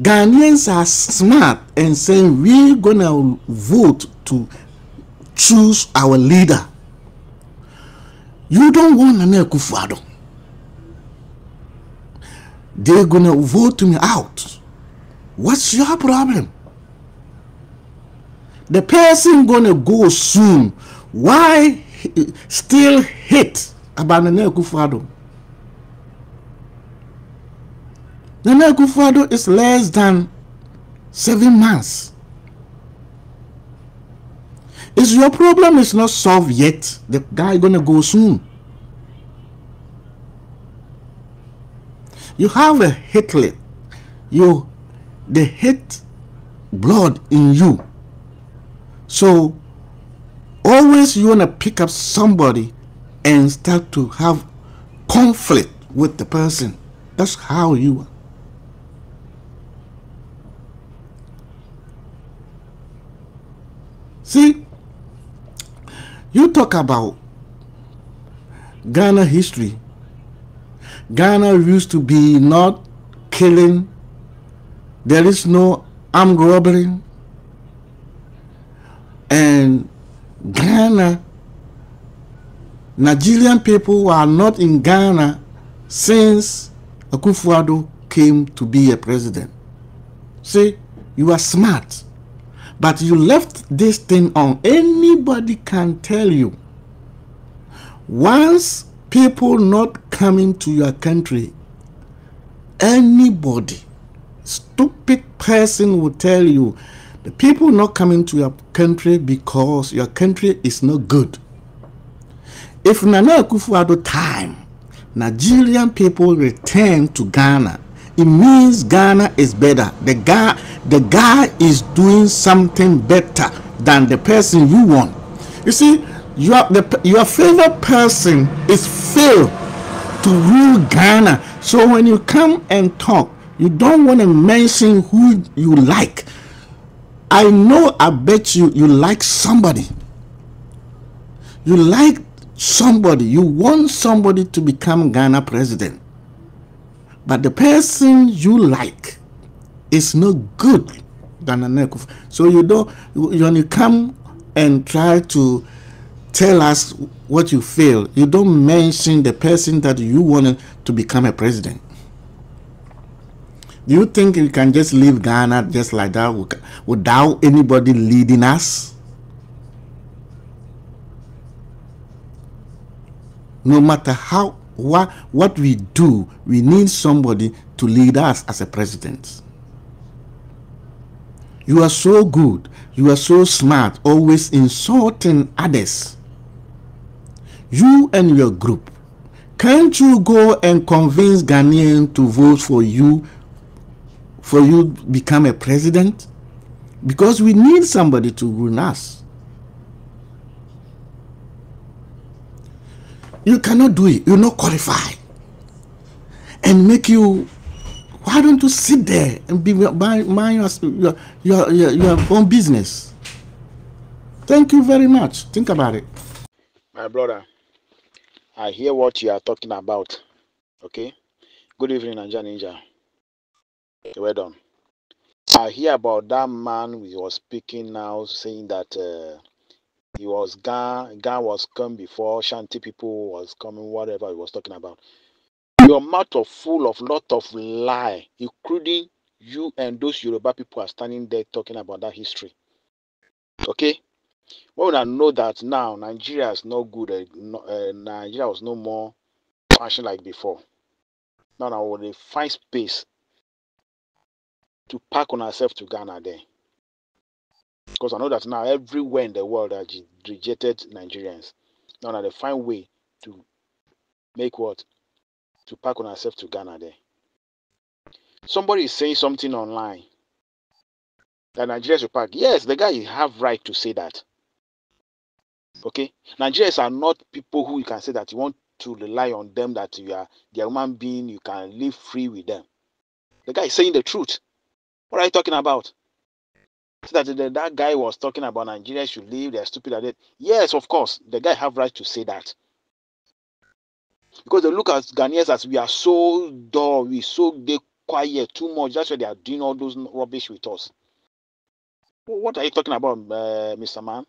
Ghanaians are smart and saying we're gonna vote to choose our leader. You don't want Nana akufo They're gonna vote me out. What's your problem? the person gonna go soon why still hate about Nana Akufo-Addo Nana is less than seven months is your problem is not solved yet the guy gonna go soon you have a hatred you the hate blood in you so always you want to pick up somebody and start to have conflict with the person. That's how you are. See, you talk about Ghana history. Ghana used to be not killing. There is no armed robbery and Ghana, Nigerian people are not in Ghana since Akufuado came to be a president. See, you are smart, but you left this thing on. Anybody can tell you. Once people not coming to your country, anybody, stupid person will tell you the people not coming to your country because your country is not good. If Nana Akufo-Addo time, Nigerian people return to Ghana, it means Ghana is better. The guy, the guy is doing something better than the person you want. You see, your the, your favorite person is failed to rule Ghana. So when you come and talk, you don't want to mention who you like. I know I bet you you like somebody. You like somebody. You want somebody to become Ghana president. But the person you like is no good Ghana Nekuf. So you don't when you come and try to tell us what you feel, you don't mention the person that you wanted to become a president. Do you think we can just leave Ghana just like that without anybody leading us? No matter how what what we do, we need somebody to lead us as a president. You are so good. You are so smart, always insulting others. You and your group. Can't you go and convince Ghanaian to vote for you for you become a president? Because we need somebody to rule us. You cannot do it. You're not qualified. And make you why don't you sit there and be mind your, your, your, your own business? Thank you very much. Think about it. My brother, I hear what you are talking about. Okay? Good evening, Anja Ninja. Okay, well done. I hear about that man we was speaking now, saying that uh, he was Gan, Gan was come before Shanti people was coming, whatever he was talking about. Your mouth are full of lot of lie, including you and those Yoruba people are standing there talking about that history. Okay, when well, I know that now Nigeria is no good, uh, no, uh, Nigeria was no more fashion like before. Now, now, when they find space to pack on ourselves to Ghana then. Because I know that now everywhere in the world are rejected Nigerians. Now that they find way to make what? To pack on ourselves to Ghana there. Somebody is saying something online that Nigerians will pack. Yes, the guy you have right to say that. Okay? Nigerians are not people who you can say that you want to rely on them, that you are their human being, you can live free with them. The guy is saying the truth. What are you talking about? So that that guy was talking about Nigeria should leave, they're stupid like that. Yes, of course, the guy have right to say that. Because they look at Ghanaians as we are so dull, we so they quiet too much. That's why they are doing all those rubbish with us. What are you talking about, uh, eh, Mr. Man?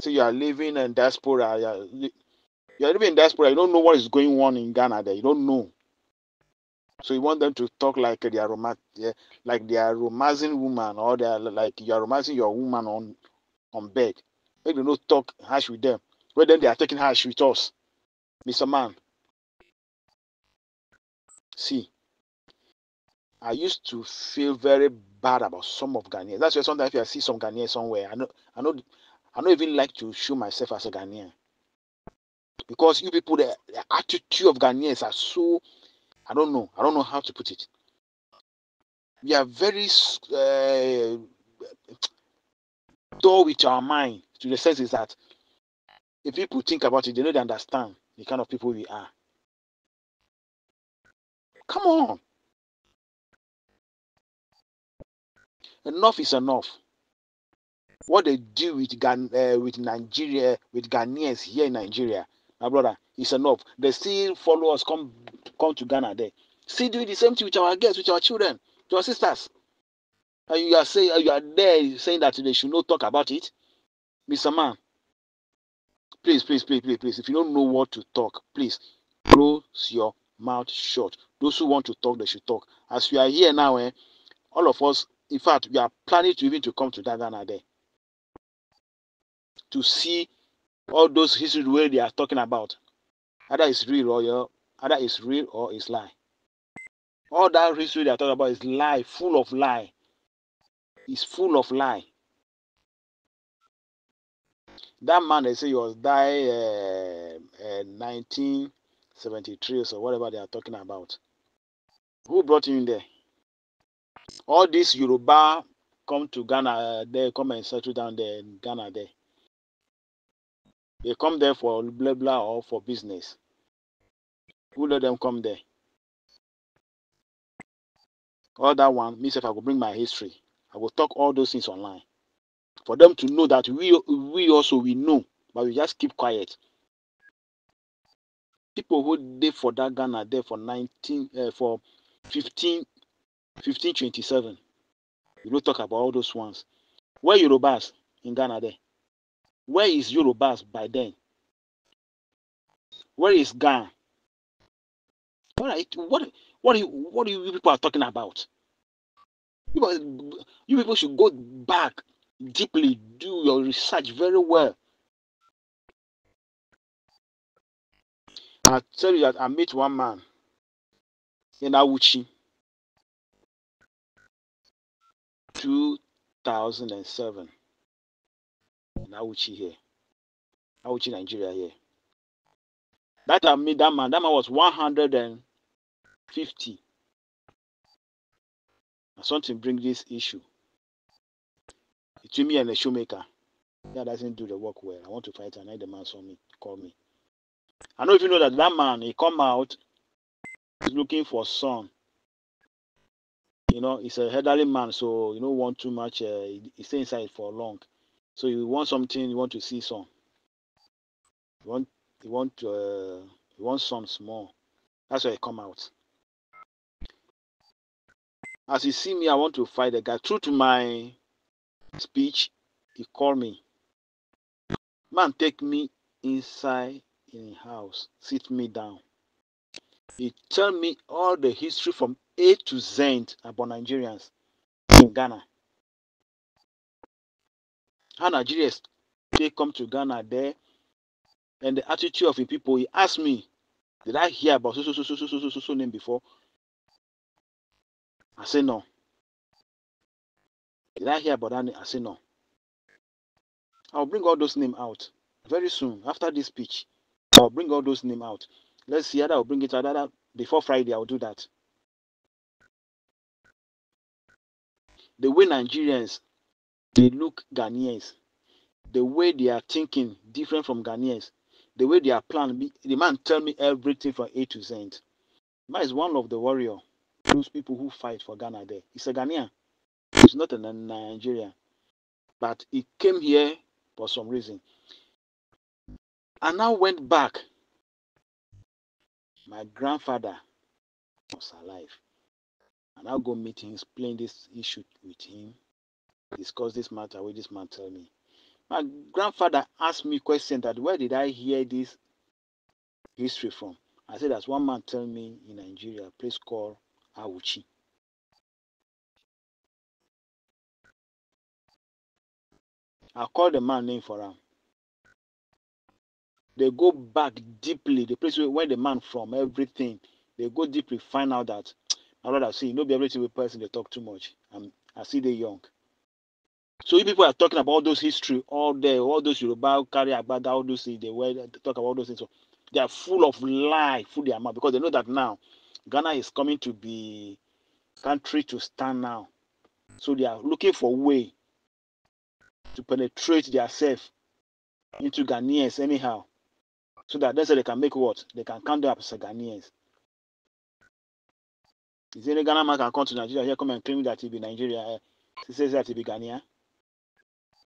So you are living in diaspora. You are, you are living in diaspora. You don't know what is going on in Ghana. There, you don't know. So you want them to talk like they are romance, like they are romancing woman, or they are like you are romancing your woman on on bed. Make them not talk harsh with them. Well, then they are taking harsh with us, Mr. Man. See, I used to feel very bad about some of Ghanaians. That's why sometimes if I see some Ghanaians somewhere, I know, I know, I don't even like to show myself as a Ghanaian because you people, the, the attitude of Ghanaians are so I don't know. I don't know how to put it. We are very uh, dull with our mind to the sense is that if people think about it, they don't understand the kind of people we are. Come on. Enough is enough. What they do with Gan- uh, with Nigeria, with Ghanaians here in Nigeria, my brother, it's enough. They still follow us, come come to Ghana there. See, doing the same thing with our girls, with our children, to our sisters. And you are saying you are there saying that they should not talk about it. Mr. Man, please, please, please, please, please. If you don't know what to talk, please close your mouth shut. Those who want to talk, they should talk. As we are here now, eh, all of us, in fact, we are planning to even to come to that Ghana there to see all those history where they are talking about, either is real or your, either is real or is lie. All that history they are talking about is lie, full of lie. Is full of lie. That man they say he was die uh, uh, 1973 or so, whatever they are talking about. Who brought him there? All these Yoruba come to Ghana, uh, they come and settle down there in Ghana there. They come there for blah blah or for business. Who let them come there? All that one, Me, if I will bring my history. I will talk all those things online. For them to know that we we also we know, but we just keep quiet. People who did for that Ghana there for 19 uh, eh, for 15 1527. You don't talk about all those ones. Where Yorubas in Ghana there? Where is Yorubas by then? Where is Ghana? What are it, what what do you, what do you people are talking about? You people, you people should go back deeply, do your research very well. I tell you that I met one man in Awuchi, 2007 and Auchi here. Auchi, Nigeria here. That I um, made that man, that man was 150. And something bring this issue between me and the shoemaker. That doesn't do the work well. I want to fight and the man saw me, call me. I know if you know that that man, he come out, he's looking for son. You know, he's a elderly man, so you don't want too much. Uh, he, he stay inside for long. So you want something, you want to see some. You want you want uh, you want some small. That's why I come out. As you see me, I want to fight the guy. True to my speech, he called me. Man, take me inside in house. Sit me down. He tell me all the history from A to Z about Nigerians in Ghana. how Nigerians they come to Ghana there and the attitude of the people. He asked me, Did I hear about so so so so so so so, so name before? I said no. Did I hear about that I said no. I'll bring all those names out very soon after this speech. I'll bring all those names out. Let's see how I'll bring it out. That, before Friday, I'll do that. The way Nigerians they look Ghanaians. The way they are thinking, different from Ghanaians. The way they are planning. The man tell me everything from A to Z. Man is one of the warrior, those people who fight for Ghana there. He's a Ghanaian. He's not a Nigerian. But he came here for some reason. I now went back. My grandfather was alive. And I'll go meet him, explain this issue with him. discuss this matter wey this man tell me. My grandfather asked me question that where did I hear this history from? I said that one man tell me in Nigeria, a place called Awuchi. I call the man name for him. They go back deeply, the place where the man from, everything. They go deeply, find out that my brother see, you no know, be everything with person they talk too much. I'm I see they young. So if people are talking about those history, all day, all those Yoruba carry about all those things, they were talk about those things. So they are full of lie, full their mouth because they know that now Ghana is coming to be country to stand now. So they are looking for way to penetrate themselves into Ghanaians anyhow. So that that's say they can make what? They can count up as Ghanaians. Is any Ghana man can come to Nigeria here come and claim that he be Nigeria? He says that he be Ghanaian.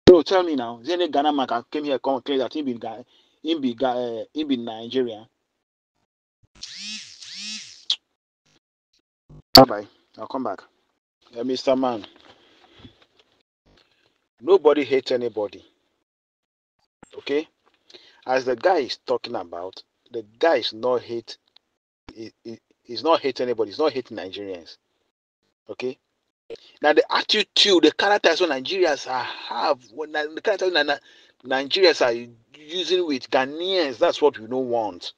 No, tell me now. Is any Ghana man came here come claim that he be guy, he be guy, eh, he be Nigerian? Bye bye. I'll come back. Eh, Mr. Man, nobody hates anybody. Okay, as the guy is talking about, the guy is not hate. He, he, he's not hate anybody. He's not hating Nigerians. Okay, now the attitude, the characters of Nigerians are have, when the characters that Nigerians are using with Ghanaians, that's what we don't want.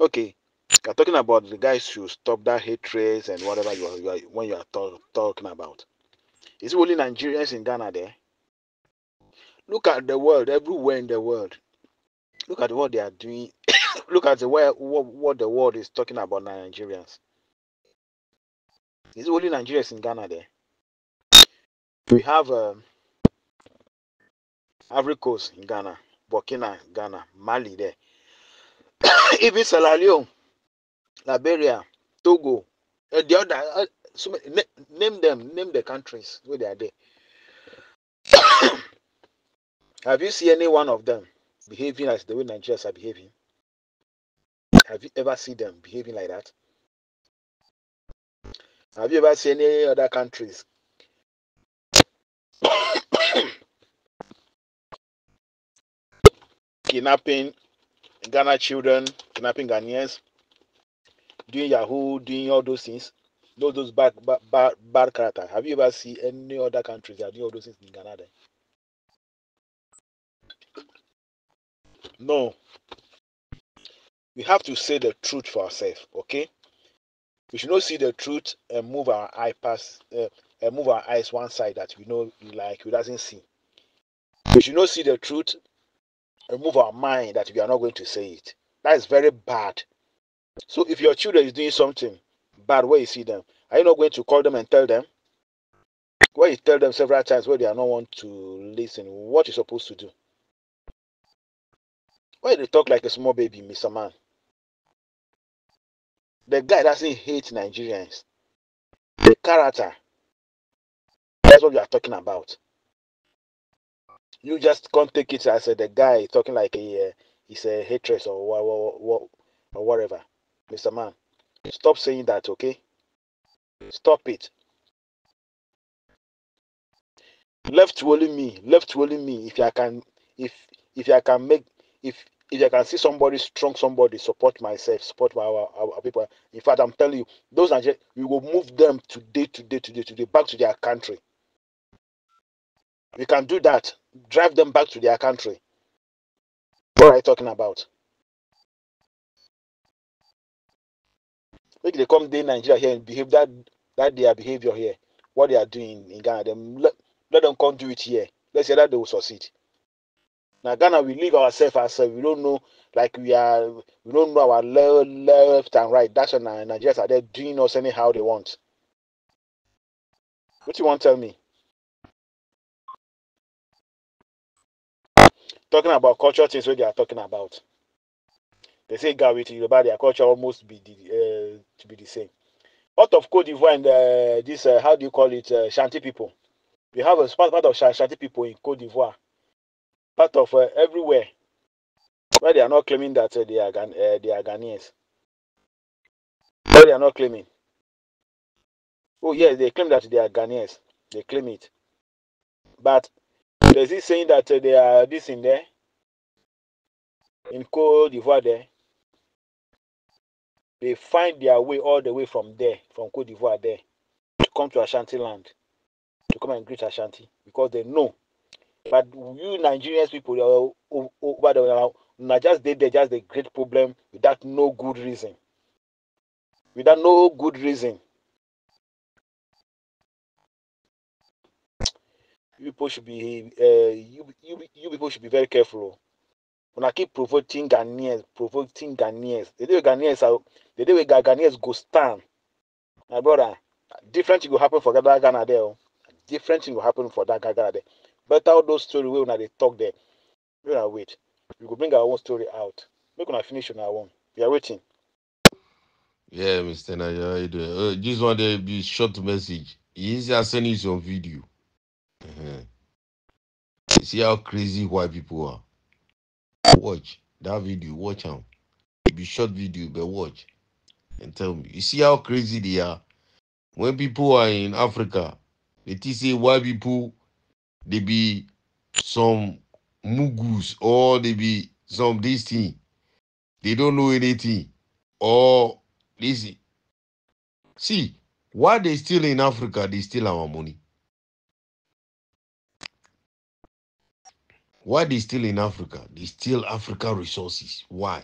Okay, you're talking about the guys who stop that hatred and whatever you are, you are when you are talk, talking about. Is it only Nigerians in Ghana there? Look at the world, everywhere in the world. Look at what they are doing. Look at the way what, what the world is talking about Nigerians. It's only Nigerians in Ghana there. We have um, Ivory Coast in Ghana, Burkina, Ghana, Mali there. Even Sierra Leone, Liberia, Togo, uh, the other, uh, so many, name them, name the countries where they are there. Have you seen any one of them behaving as the way Nigerians are behaving? Have you ever seen them behaving like that? Have you ever seen any other countries? kidnapping Ghana children, kidnapping Ghanaians, doing Yahoo, doing all those things. Those those bad bad bad, bad character. Have you ever seen any other countries that do all those things in Ghana then? No. We have to say the truth for ourselves, okay? we should not see the truth and eh, move our eye past uh, eh, and eh, move our eyes one side that we know like we doesn't see we should not see the truth and move our mind that we are not going to say it that is very bad so if your children is doing something bad where you see them are you not going to call them and tell them Where you tell them several times where they are not want to listen what you supposed to do why they talk like a small baby mr man the guy doesn't hate Nigerians. The character. That's what you are talking about. You just can't take it as uh, the guy talking like a, uh, he's a hatred or what, or whatever. Mr. Man, stop saying that, okay? Stop it. Left rolling me, left rolling me. If I can, if if I can make, if if I can see somebody strong, somebody support myself, support my our, our people. In fact, I'm telling you, those Nigerians, we will move them today, today, today, today back to their country. We can do that. Drive them back to their country. What are you talking about? Make they come day Nigeria here and behave that that their behavior here, what they are doing in Ghana. Them let, let them come do it here. Let's say that they will succeed. Now Ghana, we leave ourselves as uh, we don't know, like we are, we don't know our left, left and right. That's why Nigerians are there doing us anyhow they want. What you want to tell me? Talking about culture things, what they are talking about. They say Gawi to Yoruba, their culture almost be the, uh, to be the same. Out of Cote d'Ivoire and uh, this, uh, how do you call it, uh, Shanti people. We have a small part of Shanti people in Cote d'Ivoire part of uh, everywhere where they are not claiming that uh, they, are, uh, they are Ghanaians. Where they are not claiming. Oh, yes, they claim that they are Ghanaians. They claim it. But there's this saying that uh, they are this in there, in Cote d'Ivoire there. They find their way all the way from there, from Cote d'Ivoire there, to come to Ashanti land, to come and greet Ashanti, because they know But you Nigerians people over the now just did they just a great problem without no good reason. Without no good reason. You people should be uh, you, you you people should be very careful. Oh. When I keep provoking Ghanaians, provoking Ghanaians, the day Ghanaians are the day Ghanaians go stand. My brother, different thing will happen for that Ghana there. Oh. Different thing will happen for that Ghana there. Better all those story wey una dey talk them, Make una wait. We go bring our own story out. Make una finish una own. We are waiting. Yeah, Mr. Naya, how you doing? Uh, this one there be short message. E easy as sending some video. Uh-huh. You see how crazy white people are. Watch that video. Watch them. It e be short video, but watch and tell me. You see how crazy they are. When people are in Africa, they think say white people they be some mugus or they be some this thing. They don't know anything. Or this. See, why they still in Africa, they steal our money. Why they still in Africa? They steal Africa resources. Why?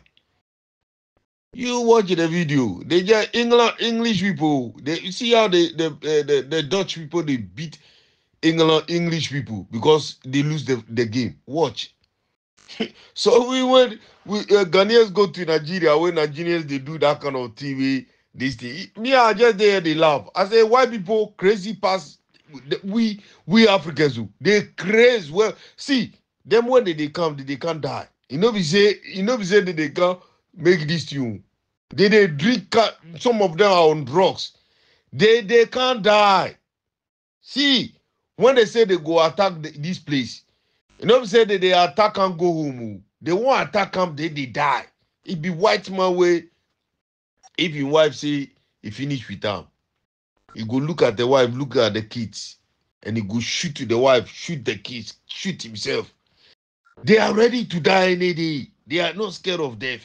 You watch the video. They just England English people. They you see how the, eh, the the Dutch people they beat England English people because they lose the, the game. Watch. so we went. We uh, Ghanaians go to Nigeria when Nigerians they do that kind of TV. This thing. Me, I just there they laugh. I say, why people crazy pass? We we Africans oh, They crazy. Well, see them when they, they come, they, they can't die. You know we say. You know we say that they can make this tune. Oh. They they drink. Some of them are on drugs. They they can't die. See. when they say they go attack the, this place you know say they dey attack and go home o oh. they wan attack am they they die It be white man way. if your wife say he finish with am he go look at the wife look at the kids and he go shoot the wife shoot the kids shoot himself they are ready to die any day they are not scared of death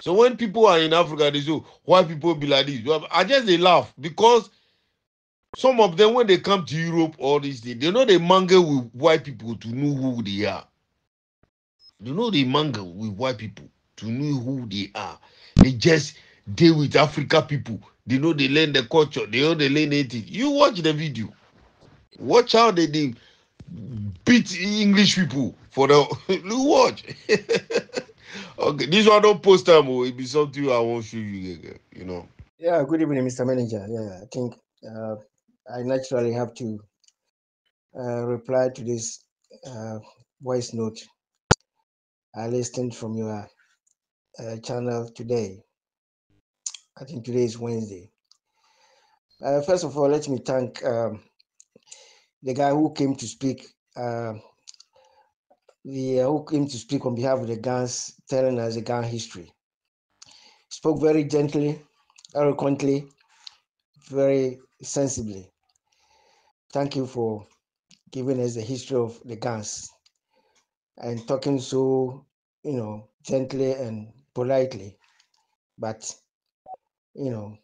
so when people are in africa they say oh, why people be like this i just they laugh because Some of them, when they come to Europe, all these things, they know they mangle with white people to know who they are. They know they mangle with white people to know who they are. They just deal with Africa people. They know they learn the culture. They know they learn anything. You watch the video. Watch how they, they beat English people for the watch. okay, this one don't post time. Oh. It be something I won't show you. You know. Yeah. Good evening, Mr. Manager. Yeah, I think. Uh, I naturally have to uh, reply to this uh, voice note I listened from your uh, channel today. I think today is Wednesday. Uh, first of all, let me thank um, the guy who came to speak. Uh, the uh, who came to speak on behalf of the Gans, telling us the gun history. Spoke very gently, eloquently, very sensibly. Thank you for giving us the history of the guns and talking so, you know, gently and politely, but, you know,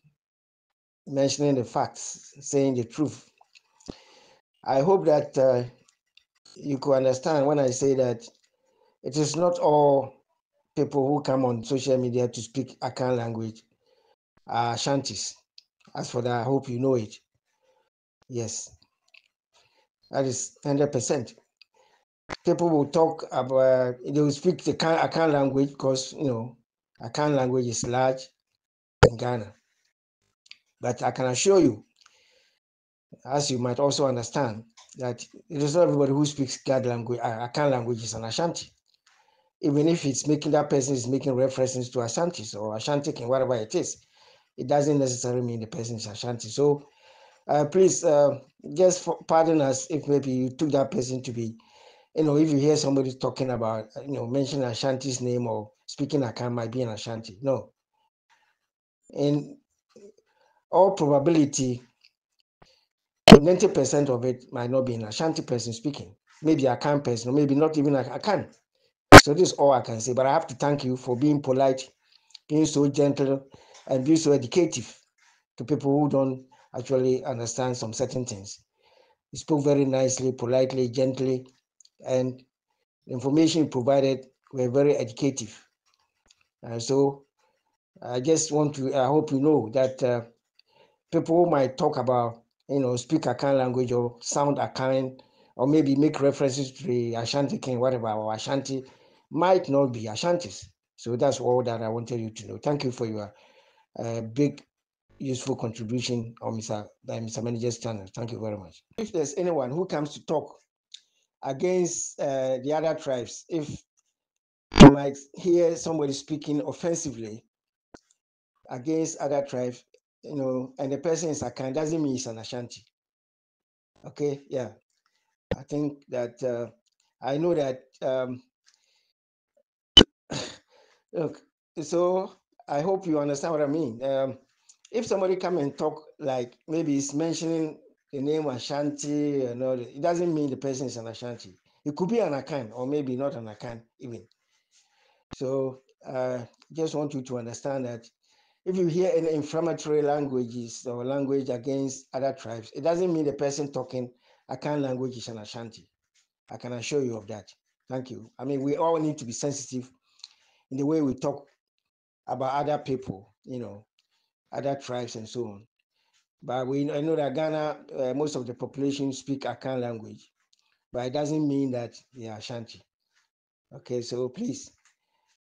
mentioning the facts, saying the truth. I hope that uh, you could understand when I say that it is not all people who come on social media to speak Akan language are shanties. As for that, I hope you know it. Yes. That is 100%. People will talk about, they will speak the Akan, Akan language because, you know, Akan language is large in Ghana. But I can assure you, as you might also understand, that it is not everybody who speaks Gad language, Akan language is an Ashanti. Even if it's making that person is making references to Ashanti or Ashanti and whatever it is, it doesn't necessarily mean the person is Ashanti. So uh, please uh, just for, pardon us if maybe you took that person to be, you know, if you hear somebody talking about, uh, you know, mentioning Ashanti's name or speaking Akan might be an Ashanti. No. In all probability, 90% of it might not be an Ashanti person speaking. Maybe Akan person, or maybe not even Akan. So this is all I can say. But I have to thank you for being polite, being so gentle, and being so educative to people who don't actually understand some certain things. He spoke very nicely, politely, gently, and the information provided were very educative. Uh, so I just want to, I hope you know that uh, people might talk about, you know, speak a kind language or sound a kind, or maybe make references to the Ashanti king, whatever, or Ashanti, might not be Ashantis. So that's all that I wanted you to know. Thank you for your uh, big useful contribution of Mr. Mr. Manager's channel. Thank you very much. If there's anyone who comes to talk against uh, the other tribes, if you might hear somebody speaking offensively against other tribes, you know, and the person is a kind, doesn't mean he's an Ashanti. Okay, yeah. I think that uh, I know that. Um, look, so I hope you understand what I mean. Um, if somebody come and talk like maybe he's mentioning the name Ashanti and all, it doesn't mean the person is an Ashanti. It could be an Akan or maybe not an Akan even. So uh, just want you to understand that if you hear any inflammatory languages or language against other tribes, it doesn't mean the person talking Akan language is an Ashanti. I can assure you of that. Thank you. I mean, we all need to be sensitive in the way we talk about other people, you know, other tribes and so on. But we I know that Ghana, uh, most of the population speak Akan language, but it doesn't mean that they are Ashanti. Okay, so please,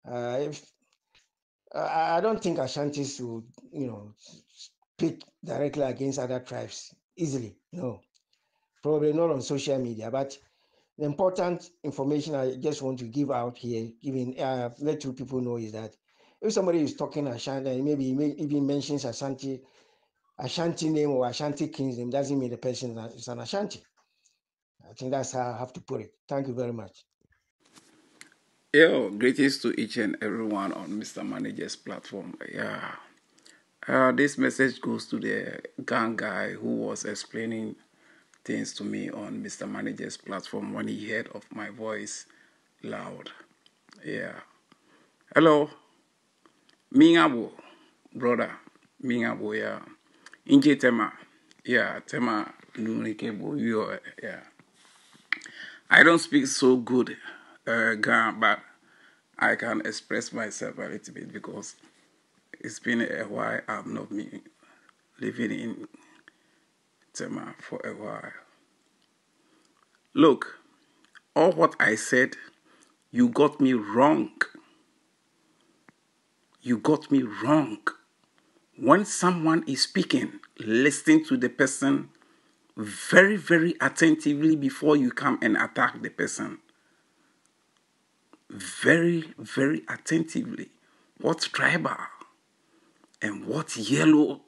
uh, if I don't think Ashantis would, you know, speak directly against other tribes easily. No, probably not on social media. But the important information I just want to give out here, giving uh, let two people know is that if somebody is talking Ashanti, maybe even mentions Ashanti, Ashanti name or Ashanti King's name, doesn't mean the person is an Ashanti. I think that's how I have to put it. Thank you very much. Yo, greetings to each and everyone on Mr. Manager's platform. Yeah. Uh, this message goes to the gang guy who was explaining things to me on Mr. Manager's platform when he heard of my voice loud. Yeah. Hello. Mingabo, brother, Mingabo, yeah. Inje tema, yeah, tema nunikebo, you, yeah. I don't speak so good uh, but I can express myself a little bit because it's been a while I've not been living in Tema for a while. Look, all what I said, you got me wrong. you got me wrong. When someone is speaking, listen to the person very, very attentively before you come and attack the person. Very, very attentively. What tribal? And what yellow?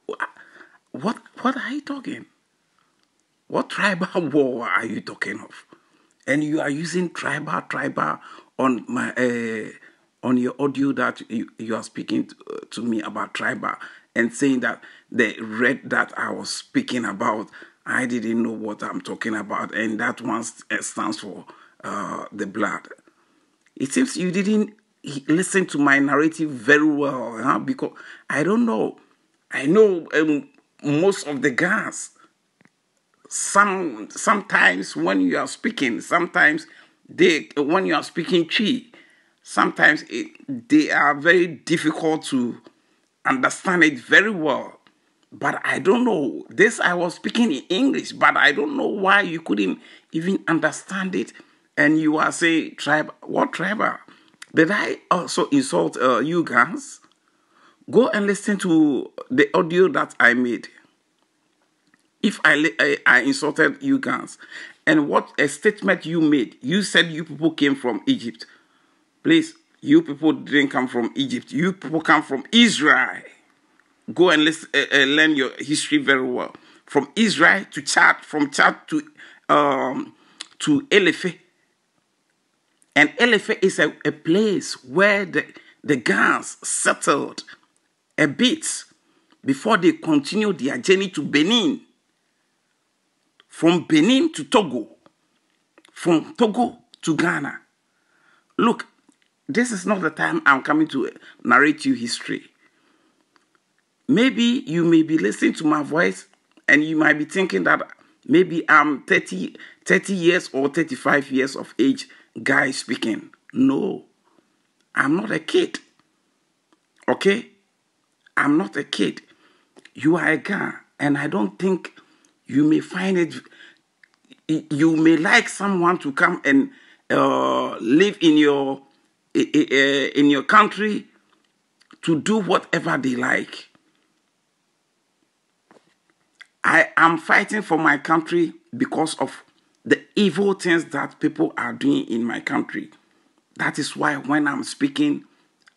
What, what are you talking? What tribal war are you talking of? And you are using tribal, tribal on my. Uh, on your audio that you, you are speaking to, to me about tribal and saying that the red that I was speaking about, I didn't know what I'm talking about, and that one eh, stands for uh, the blood. It seems you didn't listen to my narrative very well huh? because I don't know. I know um, most of the guys. Some sometimes when you are speaking, sometimes they when you are speaking chi, sometimes it, they are very difficult to understand it very well. But I don't know. This I was speaking in English, but I don't know why you couldn't even understand it. And you are saying, tribe, what tribe? Did I also insult uh, you guys? Go and listen to the audio that I made. If I, I, I insulted you guys, and what a statement you made. You said you people came from Egypt. Please, you people didn't come from Egypt. You people come from Israel. Go and listen, uh, uh, learn your history very well. From Israel to Chad, from Chad to um, to Elephe. And Elephe is a, a place where the, the Gans settled a bit before they continued their journey to Benin. From Benin to Togo. From Togo to Ghana. Look, this is not the time I'm coming to narrate you history. Maybe you may be listening to my voice and you might be thinking that maybe I'm 30, 30 years or 35 years of age guy speaking. No, I'm not a kid. Okay? I'm not a kid. You are a guy, and I don't think you may find it, you may like someone to come and uh, live in your Eh, in your country to do whatever they like. I am fighting for my country because of the evil things that people are doing in my country. That is why when I'm speaking,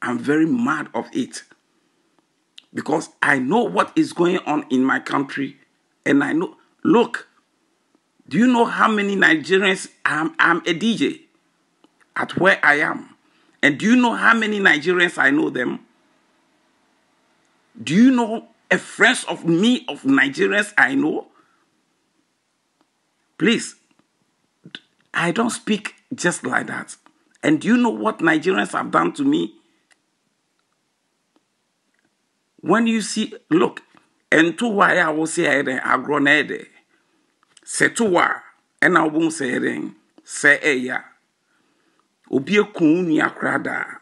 I'm very mad of it. Because I know what is going on in my country. And I know, look, do you know how many Nigerians I'm, I'm a DJ at where I am? And do you know how many Nigerians I know them? Do you know a friend of me of Nigerians I know? Please, I don't speak just like that. And do you know what Nigerians have done to me? When you see, look, and to why I will say it, I grown Say to why, and I won't say it, say it, yeah obi ekun nua koraa daa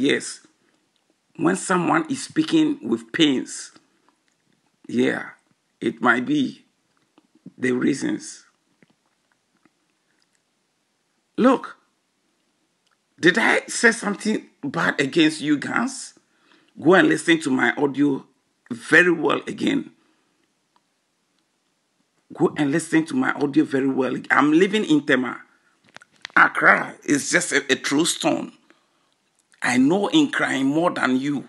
yes when someone is speaking with pains yeah it might be the reasons look did i say something bad against you guys go and listen to my audio very well again go and listen to my audio very well i'm living in tema Accra is just a, a true stone. I know in crying more than you.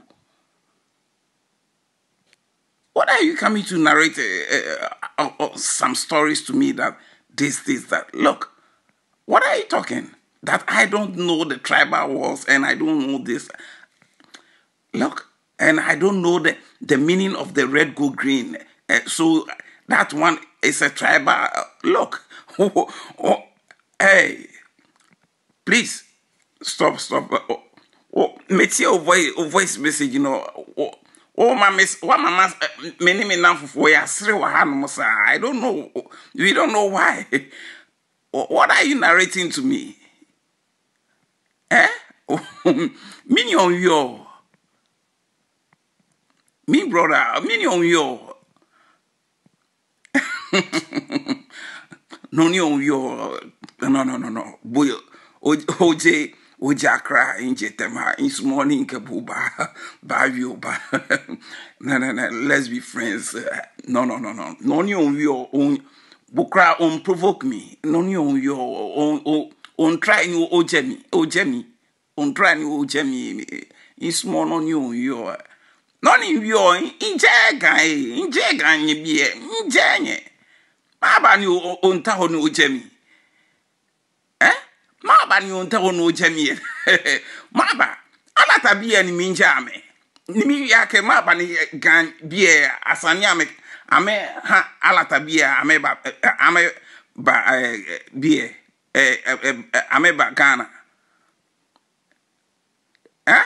What are you coming to narrate uh, uh, uh, some stories to me that this, this, that? Look, what are you talking? That I don't know the tribal wars and I don't know this. Look, and I don't know the, the meaning of the red, go, green. Eh, so that one is a tribal. Uh, look, oh, oh, hey, please stop, stop. Uh, oh, oh, make your voice, voice message, you know. Oh, oh my miss, what oh, my mass, uh, many men now for your three I don't know. We don't know why. What are you narrating to me? Eh? Minion, yo. Me, brother, minion, yo. no, no, no, no, no, boy. ogye ogye akra inje tema in nsumɔ ne buba baa baa wi na na na let's be friends no no no no na ɔne ɔn wi ɔn bukura ɔn provoke me na ɔne ɔn wi on ɔn try ni ogye mi ogye mi ɔn try ni ogye mi nsumɔ na ɔne ɔn wi ɔn na ɔne wi ɔn ngye gan ye ngye gan nye bi yɛ ngye nye maaba ni ɔn ta hɔ ni ogye mi maaba ni yonta wo no ogya miɛ maaba anata bia ne mi ngya ame ni mi wia kɛ maaba ne gan bia asani ame ame ha alata bia ame ba ame ba eh, bia eh, eh, ame ba ghana ha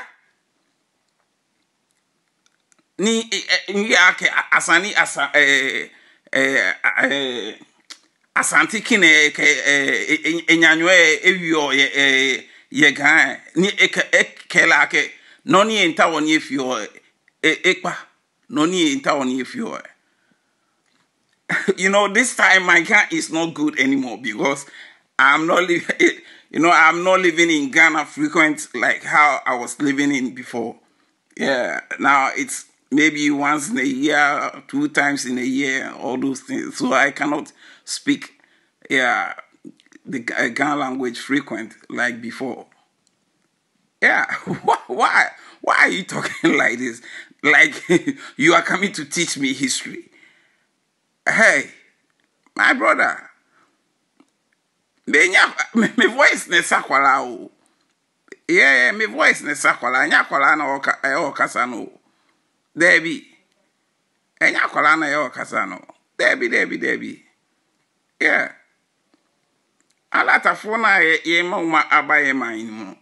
ni wia kɛ asane asa eh, eh, eh, asante kine ke enyanywe ewio ye ye gan ni ekela ke no ni enta woni efio ekpa no ni enta woni efio you know this time my car is not good anymore because i'm not living you know i'm not living in ghana frequent like how i was living in before yeah now it's maybe once in a year two times in a year all those things so i cannot speak yeah, the Ghana language frequent like before. Yeah, why? Why are you talking like this? Like you are coming to teach me history. Hey, my brother, me voice ne sakwala o. Yeah, me voice ne sakwala. Nya kwala na oka e okasa no. Debi. Enya kwala na e okasa no. Debi, debi, debi. Yeah. alatafuna yema uma abaye mainu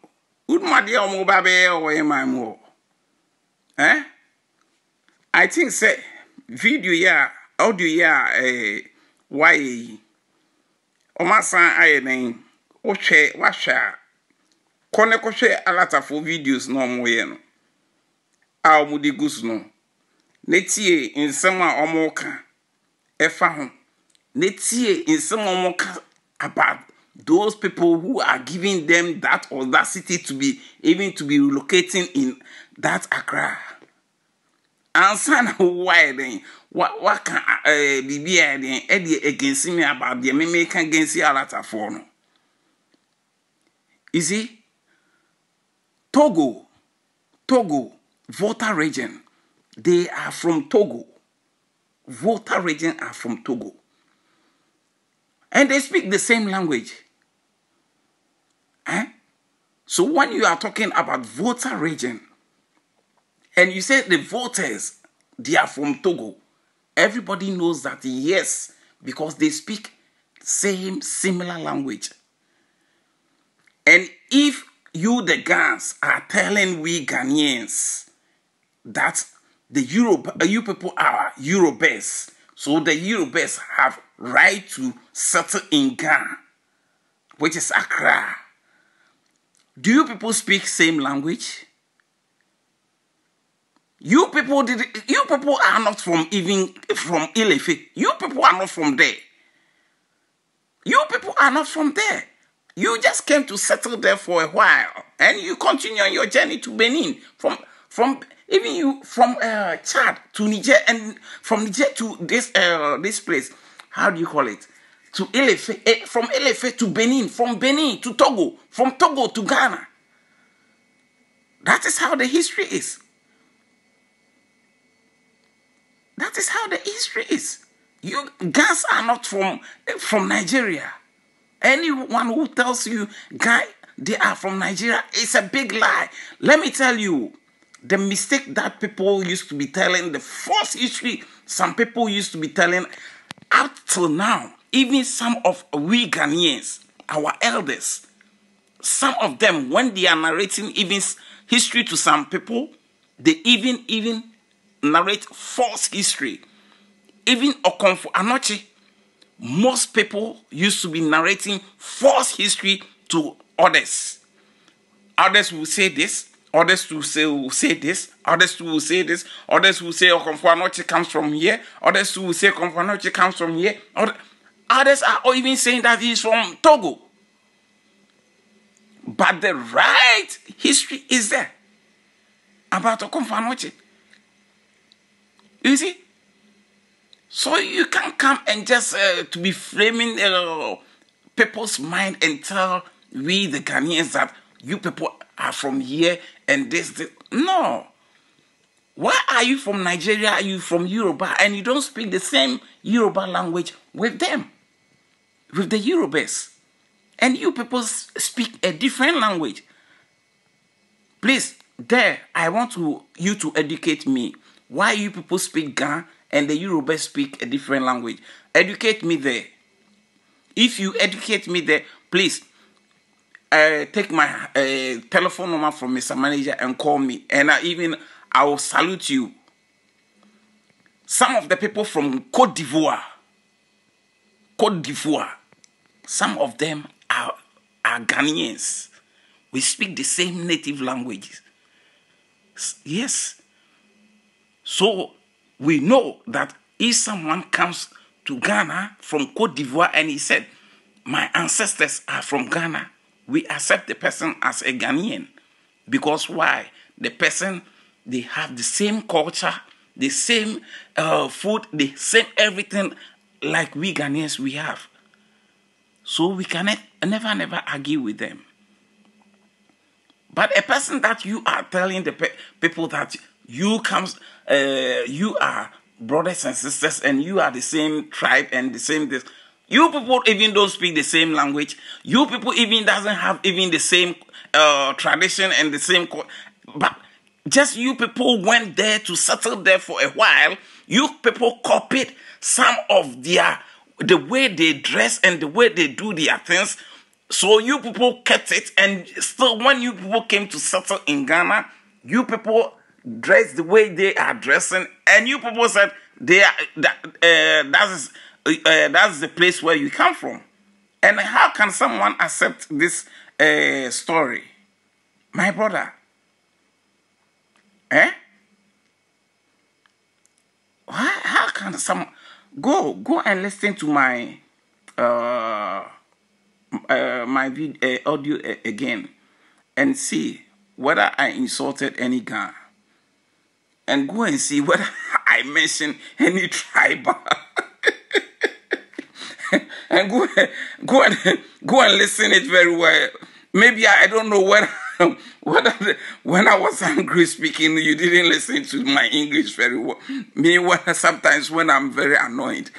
udma dia omo babe o yema mo eh i think say video ya audio ya eh why omasa aye nen ohwe wahwe kone kohwe alatafo videos na omo yɛ no a omo di gus no netie nsɛm a omo ka ɛfa ho they tie in someone about those people who are giving them that audacity to be even to be relocating in that Accra. ansa na wowɔ ayɛ den waka eh, biribi ayɛ den ɛde agensi me aba deɛ memeka agensi alatafoɔ no see, togo togo volta region they are from togo volta region are from togo And they speak the same language. Eh? So when you are talking about voter region, and you say the voters, they are from Togo, everybody knows that yes, because they speak same similar language. And if you, the Gans, are telling we Ghanaians that the Europe, uh, you people are Eurobase, so the Eurobase have right to settle in Ghana, which is Accra. Do you people speak same language? You people did you people are not from even from Ilefe. You people are not from there. You people are not from there. You just came to settle there for a while, and you continue on your journey to Benin from from even you from uh, Chad to Niger and from Niger to this uh, this place how do you call it? To Elefe, eh, from Elefe to Benin, from Benin to Togo, from Togo to Ghana. That is how the history is. That is how the history is. You guys are not from from Nigeria. Anyone who tells you guy they are from Nigeria is a big lie. Let me tell you, the mistake that people used to be telling, the false history some people used to be telling Up till now, even some of we Ghanaians, our elders, some of them, when they are narrating even history to some people, they even even narrate false history. Even Okonfo Anochi, most people used to be narrating false history to others. Others will say this, Others will say will say this. Others will say this. Others will say Okonfuanochi oh, comes from here. Others will say Okonfuanochi comes from here. Others are even saying that he's from Togo. But the right history is there about Okonfuanochi. You see? So you can't come and just uh, to be framing uh, people's mind and tell we the Ghanaians that you people are from here and this, this. No. Why are you from Nigeria? Are you from Yoruba? And you don't speak the same Yoruba language with them, with the Yorubas. And you people speak a different language. Please, there, I want to, you to educate me. Why you people speak Ghana and the Yoruba speak a different language. Educate me there. If you educate me there, please uh, take my uh, telephone number from Mr. Manager and call me. And I even I will salute you. Some of the people from Cote d'Ivoire, Cote d'Ivoire, some of them are, are Ghanaians. We speak the same native languages. Yes. So we know that if someone comes to Ghana from Cote d'Ivoire and he said, My ancestors are from Ghana, we accept the person as a Ghanaian. Because why? The person, they have the same culture, the same uh, food, the same everything like we Ghanaians we have. So we can never, never argue with them. But a person that you are telling the pe people that you comes, uh, you are brothers and sisters, and you are the same tribe and the same this you people even don't speak the same language. You people even doesn't have even the same uh, tradition and the same. Co- but just you people went there to settle there for a while. You people copied some of their the way they dress and the way they do their things. So you people kept it, and still when you people came to settle in Ghana, you people dressed the way they are dressing, and you people said they are that uh, that is uh, uh, that's the place where you come from. And how can someone accept this uh, story? My brother. Eh? Why, how can some go go and listen to my uh, uh my video, uh, audio uh, again and see whether I insulted any guy and go and see whether I mentioned any tribe. and go go and go and listen it very well. Maybe I, I don't know when what when I was angry speaking, you didn't listen to my English very well. Me, when, sometimes when I'm very annoyed,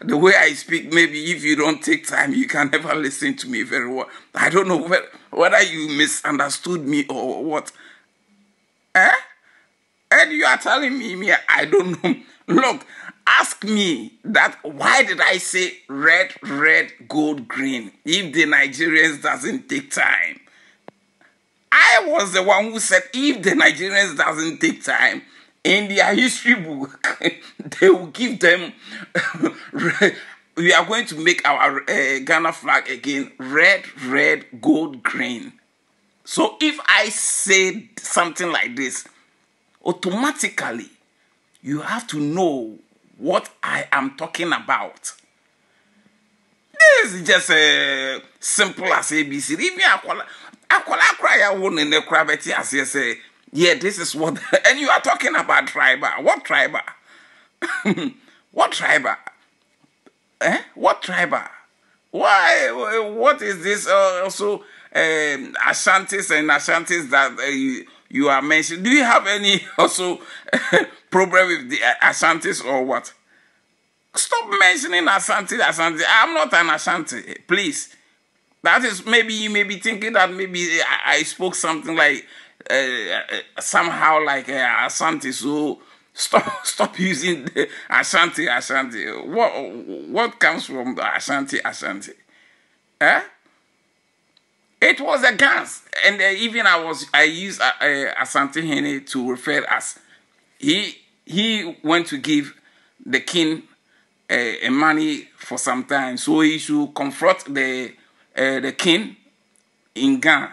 the way I speak, maybe if you don't take time, you can never listen to me very well. I don't know whether, whether you misunderstood me or what. Eh? And you are telling me, me I don't know. Look, ask me that why did I say red, red, gold, green if the Nigerians doesn't take time? I was the one who said if the Nigerians doesn't take time in their history book, they will give them. we are going to make our uh, Ghana flag again red, red, gold, green. So if I say something like this, automatically you have to know what I am talking about. This is just a uh, simple as ABC. Even I, akwala I cry I won in the gravity as you uh, say. Yeah, this is what and you are talking about tribal. What tribal? what tribal? Eh? What tribal? Why? What is this? Uh, also, um, Ashantis and Ashantis that uh, you, you are mentioning. Do you have any also problem with the uh, Ashantis or what? Stop mentioning Ashanti, Ashanti. I'm not an Ashanti, eh, please. That is, maybe you may be thinking that maybe eh, I, I spoke something like, uh, somehow like uh, Ashanti, so stop stop using the Ashanti, Ashanti. What, what comes from the Ashanti, Ashanti? Eh? It was a gas, and uh, even I was I used uh, uh, Asante Hene to refer as he he went to give the king uh, money for some time, so he should confront the uh, the king in Ghana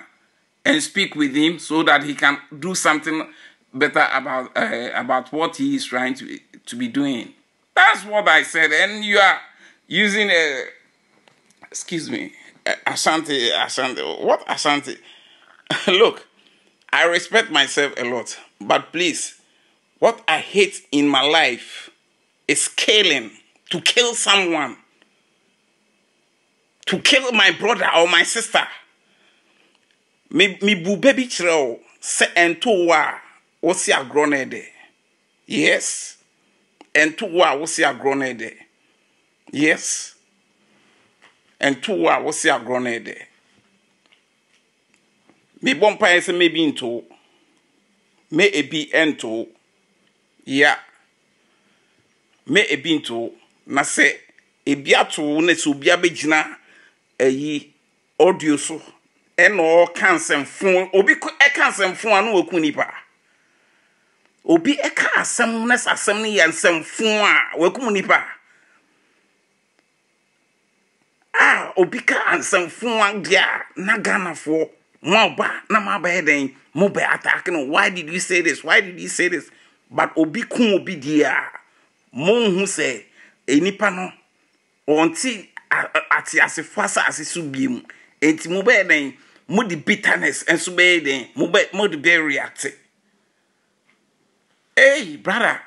and speak with him so that he can do something better about uh, about what he is trying to to be doing. That's what I said, and you are using a excuse me, Ashanti, Ashanti, what Ashanti? Look, I respect myself a lot, but please What I hate in my life is killing, to kill someone, to kill my brother or my sister. Me, me bu baby chiro, se ento wa, o si agrone de. Yes. Ento wa, o si agrone de. Yes. Ento wa, o si agrone de. Me bompa ese me binto. Me ebi ento. ya me ebi nto na sɛ ebi ato na sɛ obi abɛgyina ayi audio so ɛna ɔka nsɛmfo obi ɛka nsɛmfo a na wɔku nipa obi ɛka asem na sɛ asɛm no yɛ nsɛmfo a wɔakum nipa a obi ka nsɛmfo a deɛ a na ghanafoɔ mo aba na mo abɛyɛ dɛn mo bɛ attack no why did you say this why did you say this but obi kum obi deɛ a monhu sɛ nipa no ɔnte ate asefo asase so bie mu nti mo bɛyɛ dɛn mo de bitterness nso bɛyɛ den, mo bɛ mo de bɛyɛ react hey brother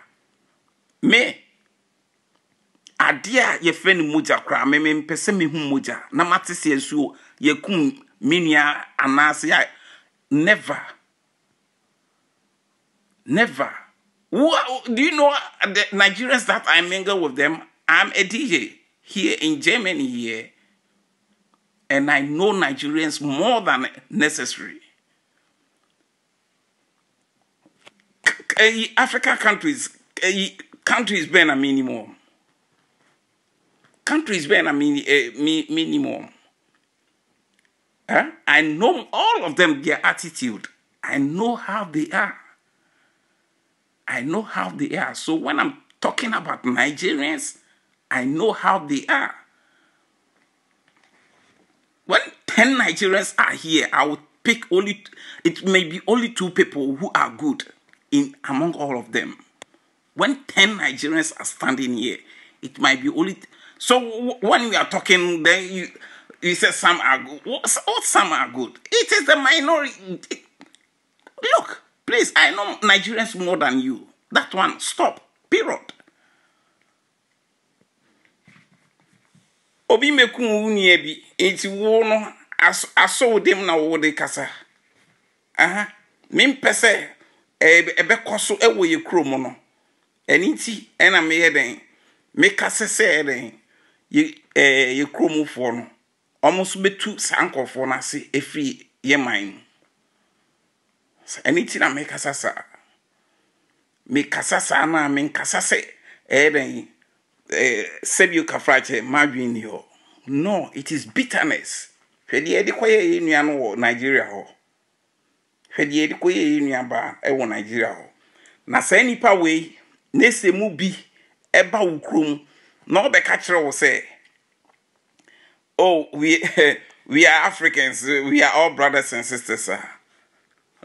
me adeɛ a yɛfrɛ no mogya koraa me mpɛ sɛ mehu mogya na mate sɛ nsuo yɛkum me nua anaase a never never What, do you know the Nigerians that I mingle with them? I'm a DJ here in Germany here, and I know Nigerians more than necessary. Eh, African countries, eh, countries been a minimum. Countries been a mini, uh, eh, minimum. Huh? I know all of them, their attitude. I know how they are. I know how they are. So when I'm talking about Nigerians, I know how they are. When 10 Nigerians are here, I would pick only, it may be only two people who are good in among all of them. When 10 Nigerians are standing here, it might be only. so when we are talking, then you, you say some are good. What, some are good? It is the minority. look, Please, I know Nigerians more than you. That one, stop. Period. obi mekwu nwunye bi eti wo no aso m na wo kasa aha me mpese ebe kɔso ɛwɔ yɛ kurom no ɛne na ɛna meyɛ den mekasa sɛ ɛden yɛ kuromfoɔ no ɔmo nso bɛtu saa nkɔfoɔ no ase ɛfiri ɛne ti na mekasa saa mekasa saa na menkasa sɛ ɛyɛ dɛn sɛbi kyɛ madwin hɔ no it is bitterness hwɛ deɛ yɛde kɔyɛ yɛ nua no wɔ nigeria hɔ hwɛ deɛ yɛde kɔyɛ yɛ baa ɛwɔ e nigeria hɔ na saa nipa wei n'ese mu bi ɛba e wo kurom na ɔbɛka kyerɛ wo sɛ oh we we are africans we are all brothers and sisters ah.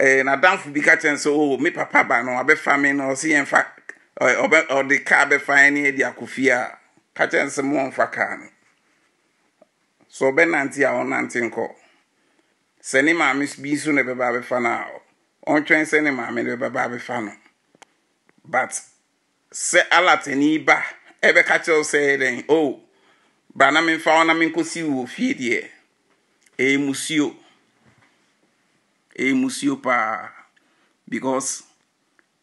ɛɛ eh, n'adamfo bi ka kyɛn sɛ o oh, mi papa ba no abɛfa mi na ɔsi yɛn fa ɔɛ eh, ɔbɛ ɔde kaa bɛfa yɛn ne ɛdi akɔ fie a ka kyɛn sɛ mo nfa kaa no so ɔbɛ nante a ɔnante nkɔ sɛ ne maame bi nso na ɛbɛba abɛfa no a ɔntwɛn sɛ ne maame na ɛbɛba abɛfa no but sɛ alatani ba ɛbɛka kyerɛw sɛ yɛ dɛn o oh, ba na mi nfa wɔn na mi nkɔsi wɔ fie deɛ ɛyɛ musuo emusio paa because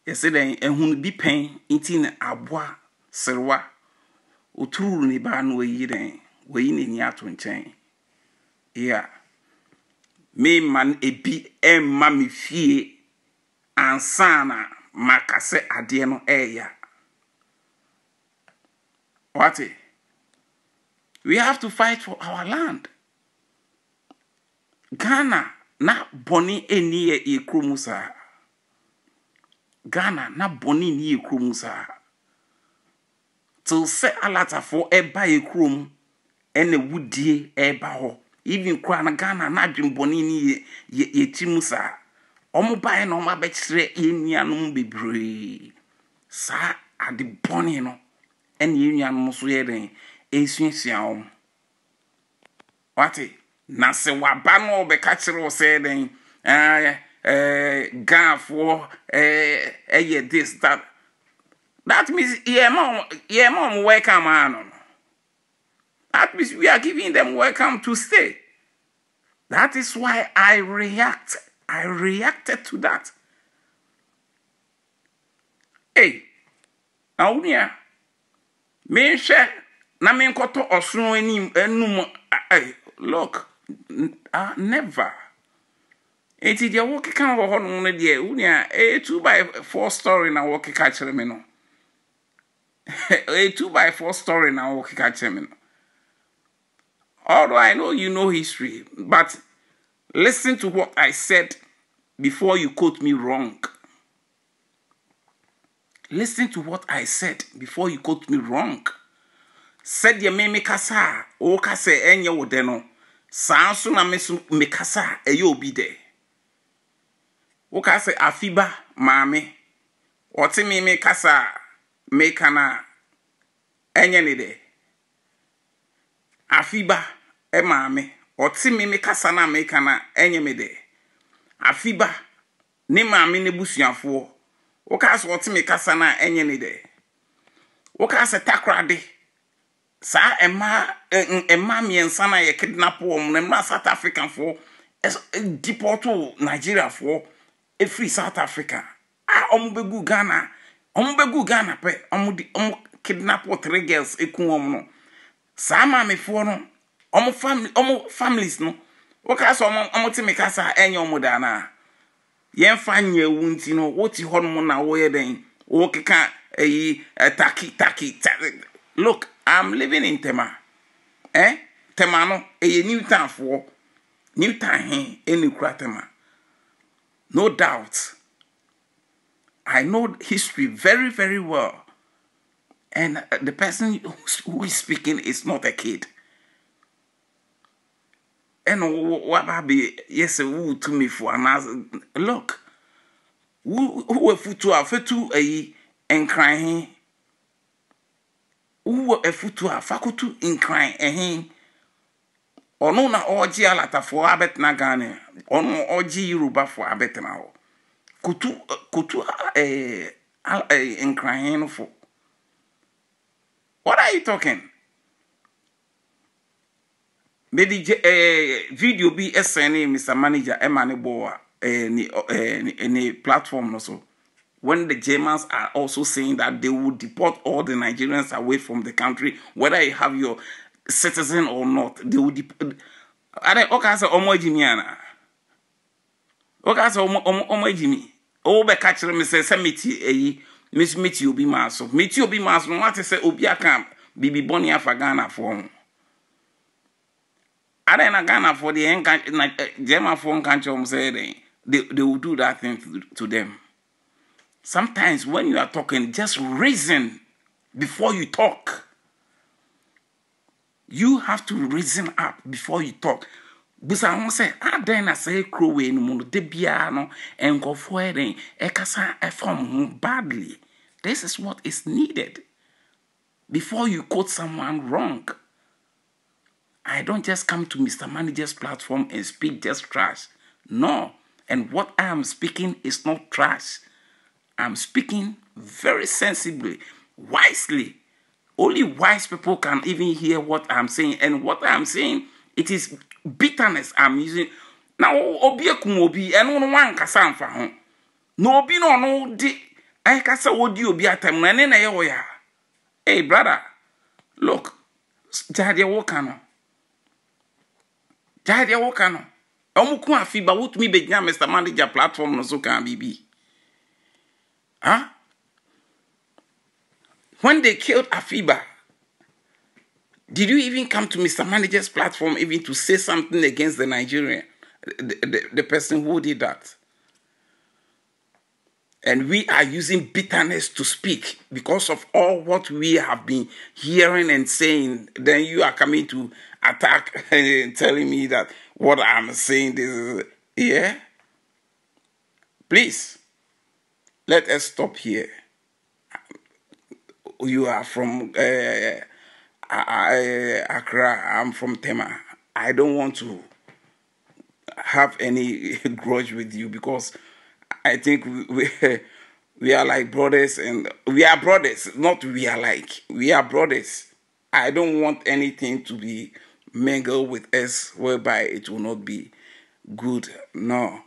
yɛsɛ dɛn ehun bi pɛn nti na aboa serewa oturu ne ba no oyi dɛn oyi n'ani ato nkyɛn yeah mema no ebi ɛmma me fie ansa na maka sɛ adeɛ no ɛɛya wate we have to fight for our land ghana na bɔne ɛnni yɛ yɛ kurom saa ghana na bɔne nni yɛ kurom saa till sɛ alatafoɔ ɛba yɛ kurom ɛna wudie ɛɛba hɔ even koraa na ghana na adwene bɔne nni yɛ yɛ yɛ ti mu saa wɔn baeɛ na wɔn abɛkyerɛ yɛn nuanom bebree saa ade bɔne no ɛna yɛn nuanom nso yɛ den ɛresuasua wɔn wate. na sɛ waba no ɔbɛka kyerɛ wo sɛ dɛn ah, eh, eh, gafoɔ ɛyɛ eh, this that that means ye ɔm welcome a no no that means we are giving them welcome to stay that is why i react i reacted to that hey na wo nua menhwɛ na menkɔtɔ ɔsono anim anum look ah never nti deɛ wɔkeka wɔ hɔnom no deɛ wo A ɛyɛ eh, two by four story na wɔkeka kyerɛ me no ɛyɛ eh, two by four story na wɔkeka kyerɛ me no although I know you know history but listen to what I said before you quote me wrong listen to what I said before you quote me wrong Said sɛdeɛ mmemme kasa a wɔka sɛ ɛnyɛ wo dɛ no. saa nso na me so mekasa a ɛyɛ obi dɛ woka sɛ afi ba maame ɔte me kasa a meka no a ɛnyɛ ne dɛ afi ba maame ɔte me me kasa no a meka no a ɛnyɛ me dɛ afi ba ne maame ne busuafoɔ woka sɛ ɔte me no a ɛnyɛ ne dɛ woka sɛ takorade saa mmaa mmaa mmiɛnsa na yɛ kidnap wɔn na mmaa south africafoɔ dipɔto nigeriafoɔ efiri south africa a wɔn bɛgu ghana wɔn bɛgu ghana pɛ wɔn di wɔn kidnap three girls eku wɔn no saa maamefoɔ no wɔn family wɔn families no wɔka so wɔn wɔn te meka saa ɛnyɛ wɔn da naa yɛnfa nyɛ ewu nti no wɔte hɔ nom na wɔyɛ dɛn wɔkeka ɛyi ɛtaki taki taki look. I'm living in Tema. Eh? Tema no, ɛyɛ new town for, New town hen, ɛna kura No doubt. I know history very, very well. And uh, the person who is speaking is not a kid. And what be yes, who to me for an look. Who were foot to a to a and crying wowɔ afutu a fakotu nkran ɛhe ɔno na ɔregye alatafoɔ abɛtena ghana ɔno ɔregye yorubafoɔ abɛtena hɔ kotu kotu ɛɛ ɛɛ nkranhe no fo what are you talking mede gye ɛɛ video bi ɛsɛn ne mr manager ɛma ne bɔɔ a ɛɛ ɛɛ ne platform no so. when the Germans are also saying that they will deport all the Nigerians away from the country, whether you have your citizen or not, they will deport. Are okay sɛ ɔmo agyi mi ana? Okay sɛ Omo ɔmo ɔmo agyi mi. Ɔwɔ bɛ ka say mi sɛ sɛ mi eyi mi so mi ti obi maso. so mi ti obi maa so na wate obi aka bibi bɔnni afa Ghana foɔ ho. Are na Ghana for the nka eh, German phone nka kyerɛ ɔmo they they will do that thing to, to them. Sometimes when you are talking, just reason before you talk. You have to reason up before you talk. Bisa ho sɛ adan na sɛ ekuro no mu no de biara no nkɔfoɔ e ɛkasa e ɛfam e ho badly. This is what is needed before you quote someone wrong. I don't just come to Mr. Manager's platform and speak just trash. No. And what I am speaking is not trash. I'm speaking very sensibly, wisely. Only wise people can even hear what I'm saying. And what I'm saying, it is bitterness I'm using. Now, obi ekum obi, eno no wan kasa amfa ho. Na obi no no di, ai kasa Odi obi atam na ne na ye wo ya. Hey brother, look, jade wo kano. Jade wo kano. Omu ku afi ba mi begyina Mr. Manager platform no so kan bibi. Huh? When they killed Afiba, did you even come to Mr. Manager's platform even to say something against the Nigerian, the, the, the person who did that? And we are using bitterness to speak because of all what we have been hearing and saying. Then you are coming to attack and telling me that what I'm saying this is yeah. Please. let us stop here. You are from uh, Accra, I'm from Tema. I don't want to have any grudge with you because I think we, we, we are like brothers and we are brothers, not we are like, we are brothers. I don't want anything to be mingled with us whereby it will not be good. No.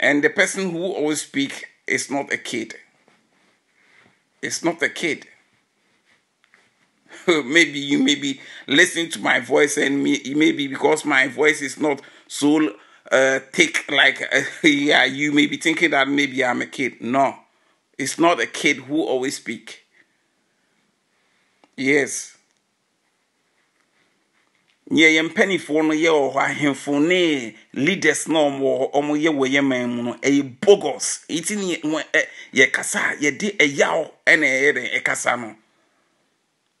And the person who always speak is not a kid. It's not a kid. maybe you may be listening to my voice, and me, maybe because my voice is not so uh, thick, like, uh, yeah, you may be thinking that maybe I'm a kid. No, it's not a kid who always speak. Yes yɛyɛ mpanimfoɔ no yɛwɔ hɔ ahemfo ne leaders na ɔmo ɔmo yɛ wɔ yɛ man mu no ɛyɛ bogus eti ne yɛ yɛ kasa yɛde ɛyaw ɛna ɛyɛ dɛ ɛkasa no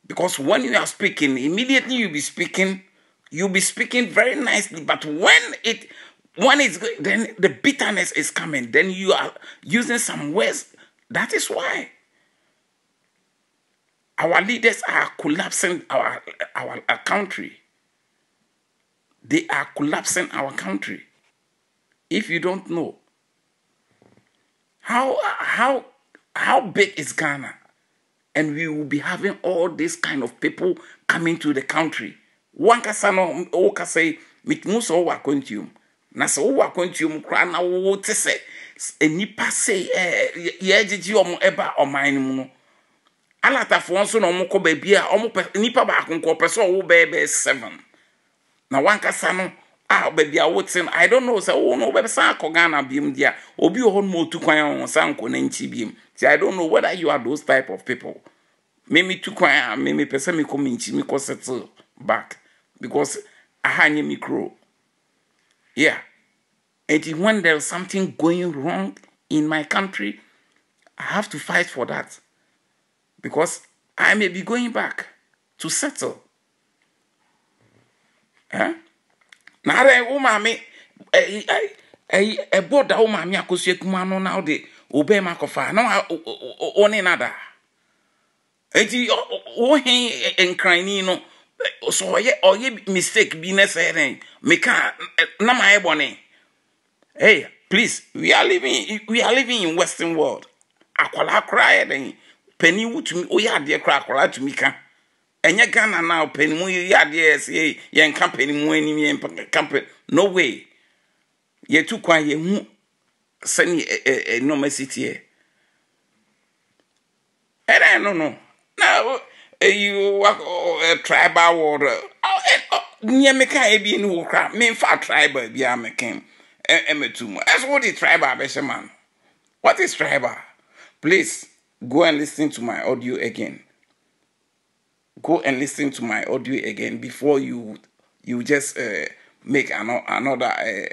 because when you are speaking immediately you be speaking you be speaking very nicely but when it when it's then the bitterness is coming then you are using some words that is why our leaders are collapsing our our, our country. They are collapsing our country. If you don't know, how how how big is Ghana? And we will be having all these kind of people coming to the country. One kasano oka say mitmuso owa kontium. Na se owa kontium kra na se enipa se eh ye gigi omo eba oman mu no. Alatafoɔ nso na ɔmo kɔ baabi a ɔmo pɛ nipa baako nkɔ pɛ sɛ ɔwo bɛɛ bɛɛ seven. na wankasa no a baabi a wote i don't know sɛ wo no wobɛsan akɔ ghana biom deɛ a obi wɔ hɔ no ma ɔtu kwan ho sa nkɔ ne nkyi i don't know whether you are those type of people meme tu kwan a meme pɛ sɛ mekɔ me nkyi back because aha nyɛ me kuro yeah and when there's something going wrong in my country i have to fight for that because i may be going back to settle naara wo maame ɛbɔ da wo maame akɔsua kuma no na wode wo bɛɛ ma akɔfa na wo ne na daa nti wo he nkranni no so ɔyɛ ɔyɛ mistake bi na sɛ dɛn meka na ma ayɛ bɔne hey please we are living we are living in western world akwadaa koraa yɛ dɛn panin wotumi woyɛ adeɛ koraa akwadaa tumi ka ɛnyɛ ghana na panimu yi adeɛ ɛsɛ yɛnka panimu anim yɛnka pan no way yɛtu kwan yɛhu sɛne nneɛma si teɛ ɛdɛn no no na eyi wa tribal world nneɛma ka ebi eh, ni wɔ kora memfa tribal eh, biara mekan ɛmɛtu eh, mu ɛso wɔde tribal abɛhyɛ ma no what is tribal please go and lis ten to my audio again. go and listen to my audio again before you you just uh, make an, another uh,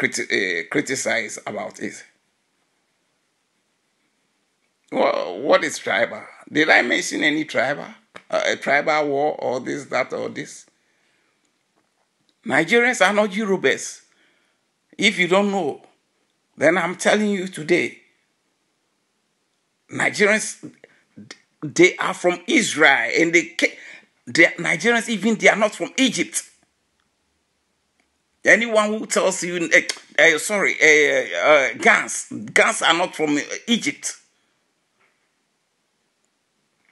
criti- uh, criticize about it. Well, what is tribal? Did I mention any tribal? Uh, a tribal war or this, that, or this? Nigerians are not Yorubas. If you don't know, then I'm telling you today, Nigerians they are from Israel and they the Nigerians even they are not from Egypt. Anyone who tells you, uh, uh, sorry, uh, Gans, Gans are not from Egypt.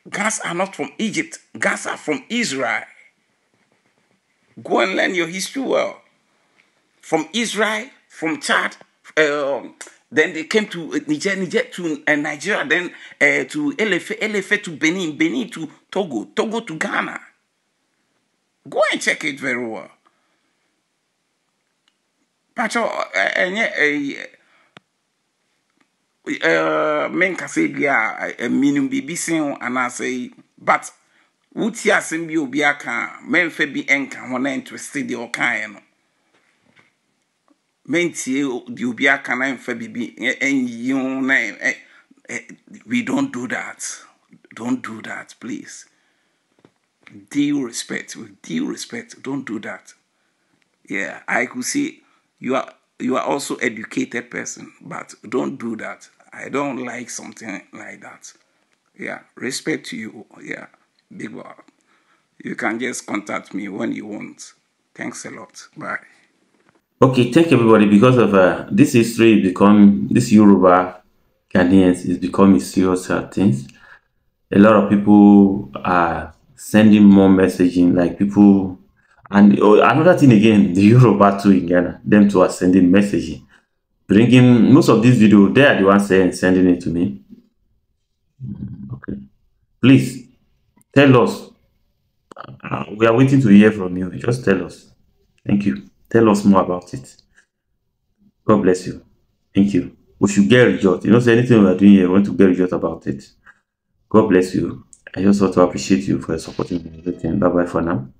Gans are not from Egypt. Gans are from Israel. Go and learn your history well. From Israel, from Chad, um, Then they came to eh, Niger, Niger to uh, Nigeria, then uh, to LFA, LFA to Benin, Benin to Togo, Togo to Ghana. Go and check it very well. Pacho, men ɛyɛ menkasa bi a minim biribi sen ho anaasɛ yi but wotie asɛm bi obi aka a memfa bi nka ho na ntwɛsi deɛ ɔkaeɛ no mentie obi aka na mfa ho na we don't do that don't do that please Deal respect with deal respect don't do that yeah i could see you are you are also educated person but don't do that i don't like something like that yeah respect to you yeah big boy. you can just contact me when you want thanks a lot bye okay thank everybody because of uh, this history become this yoruba ghanaians is becoming serious uh, things a lot of people are sending more messaging like people and oh, another thing again the yoruba too in ghana them to are sending messaging bringing most of this video they are the ones saying sending it to me okay please tell us uh, we are waiting to hear from you just tell us thank you Tell us more about it. God bless you. Thank you. We should get results. You don't say anything we are doing here, we want to get results about it. God bless you. I just want to appreciate you for supporting me. Bye bye for now.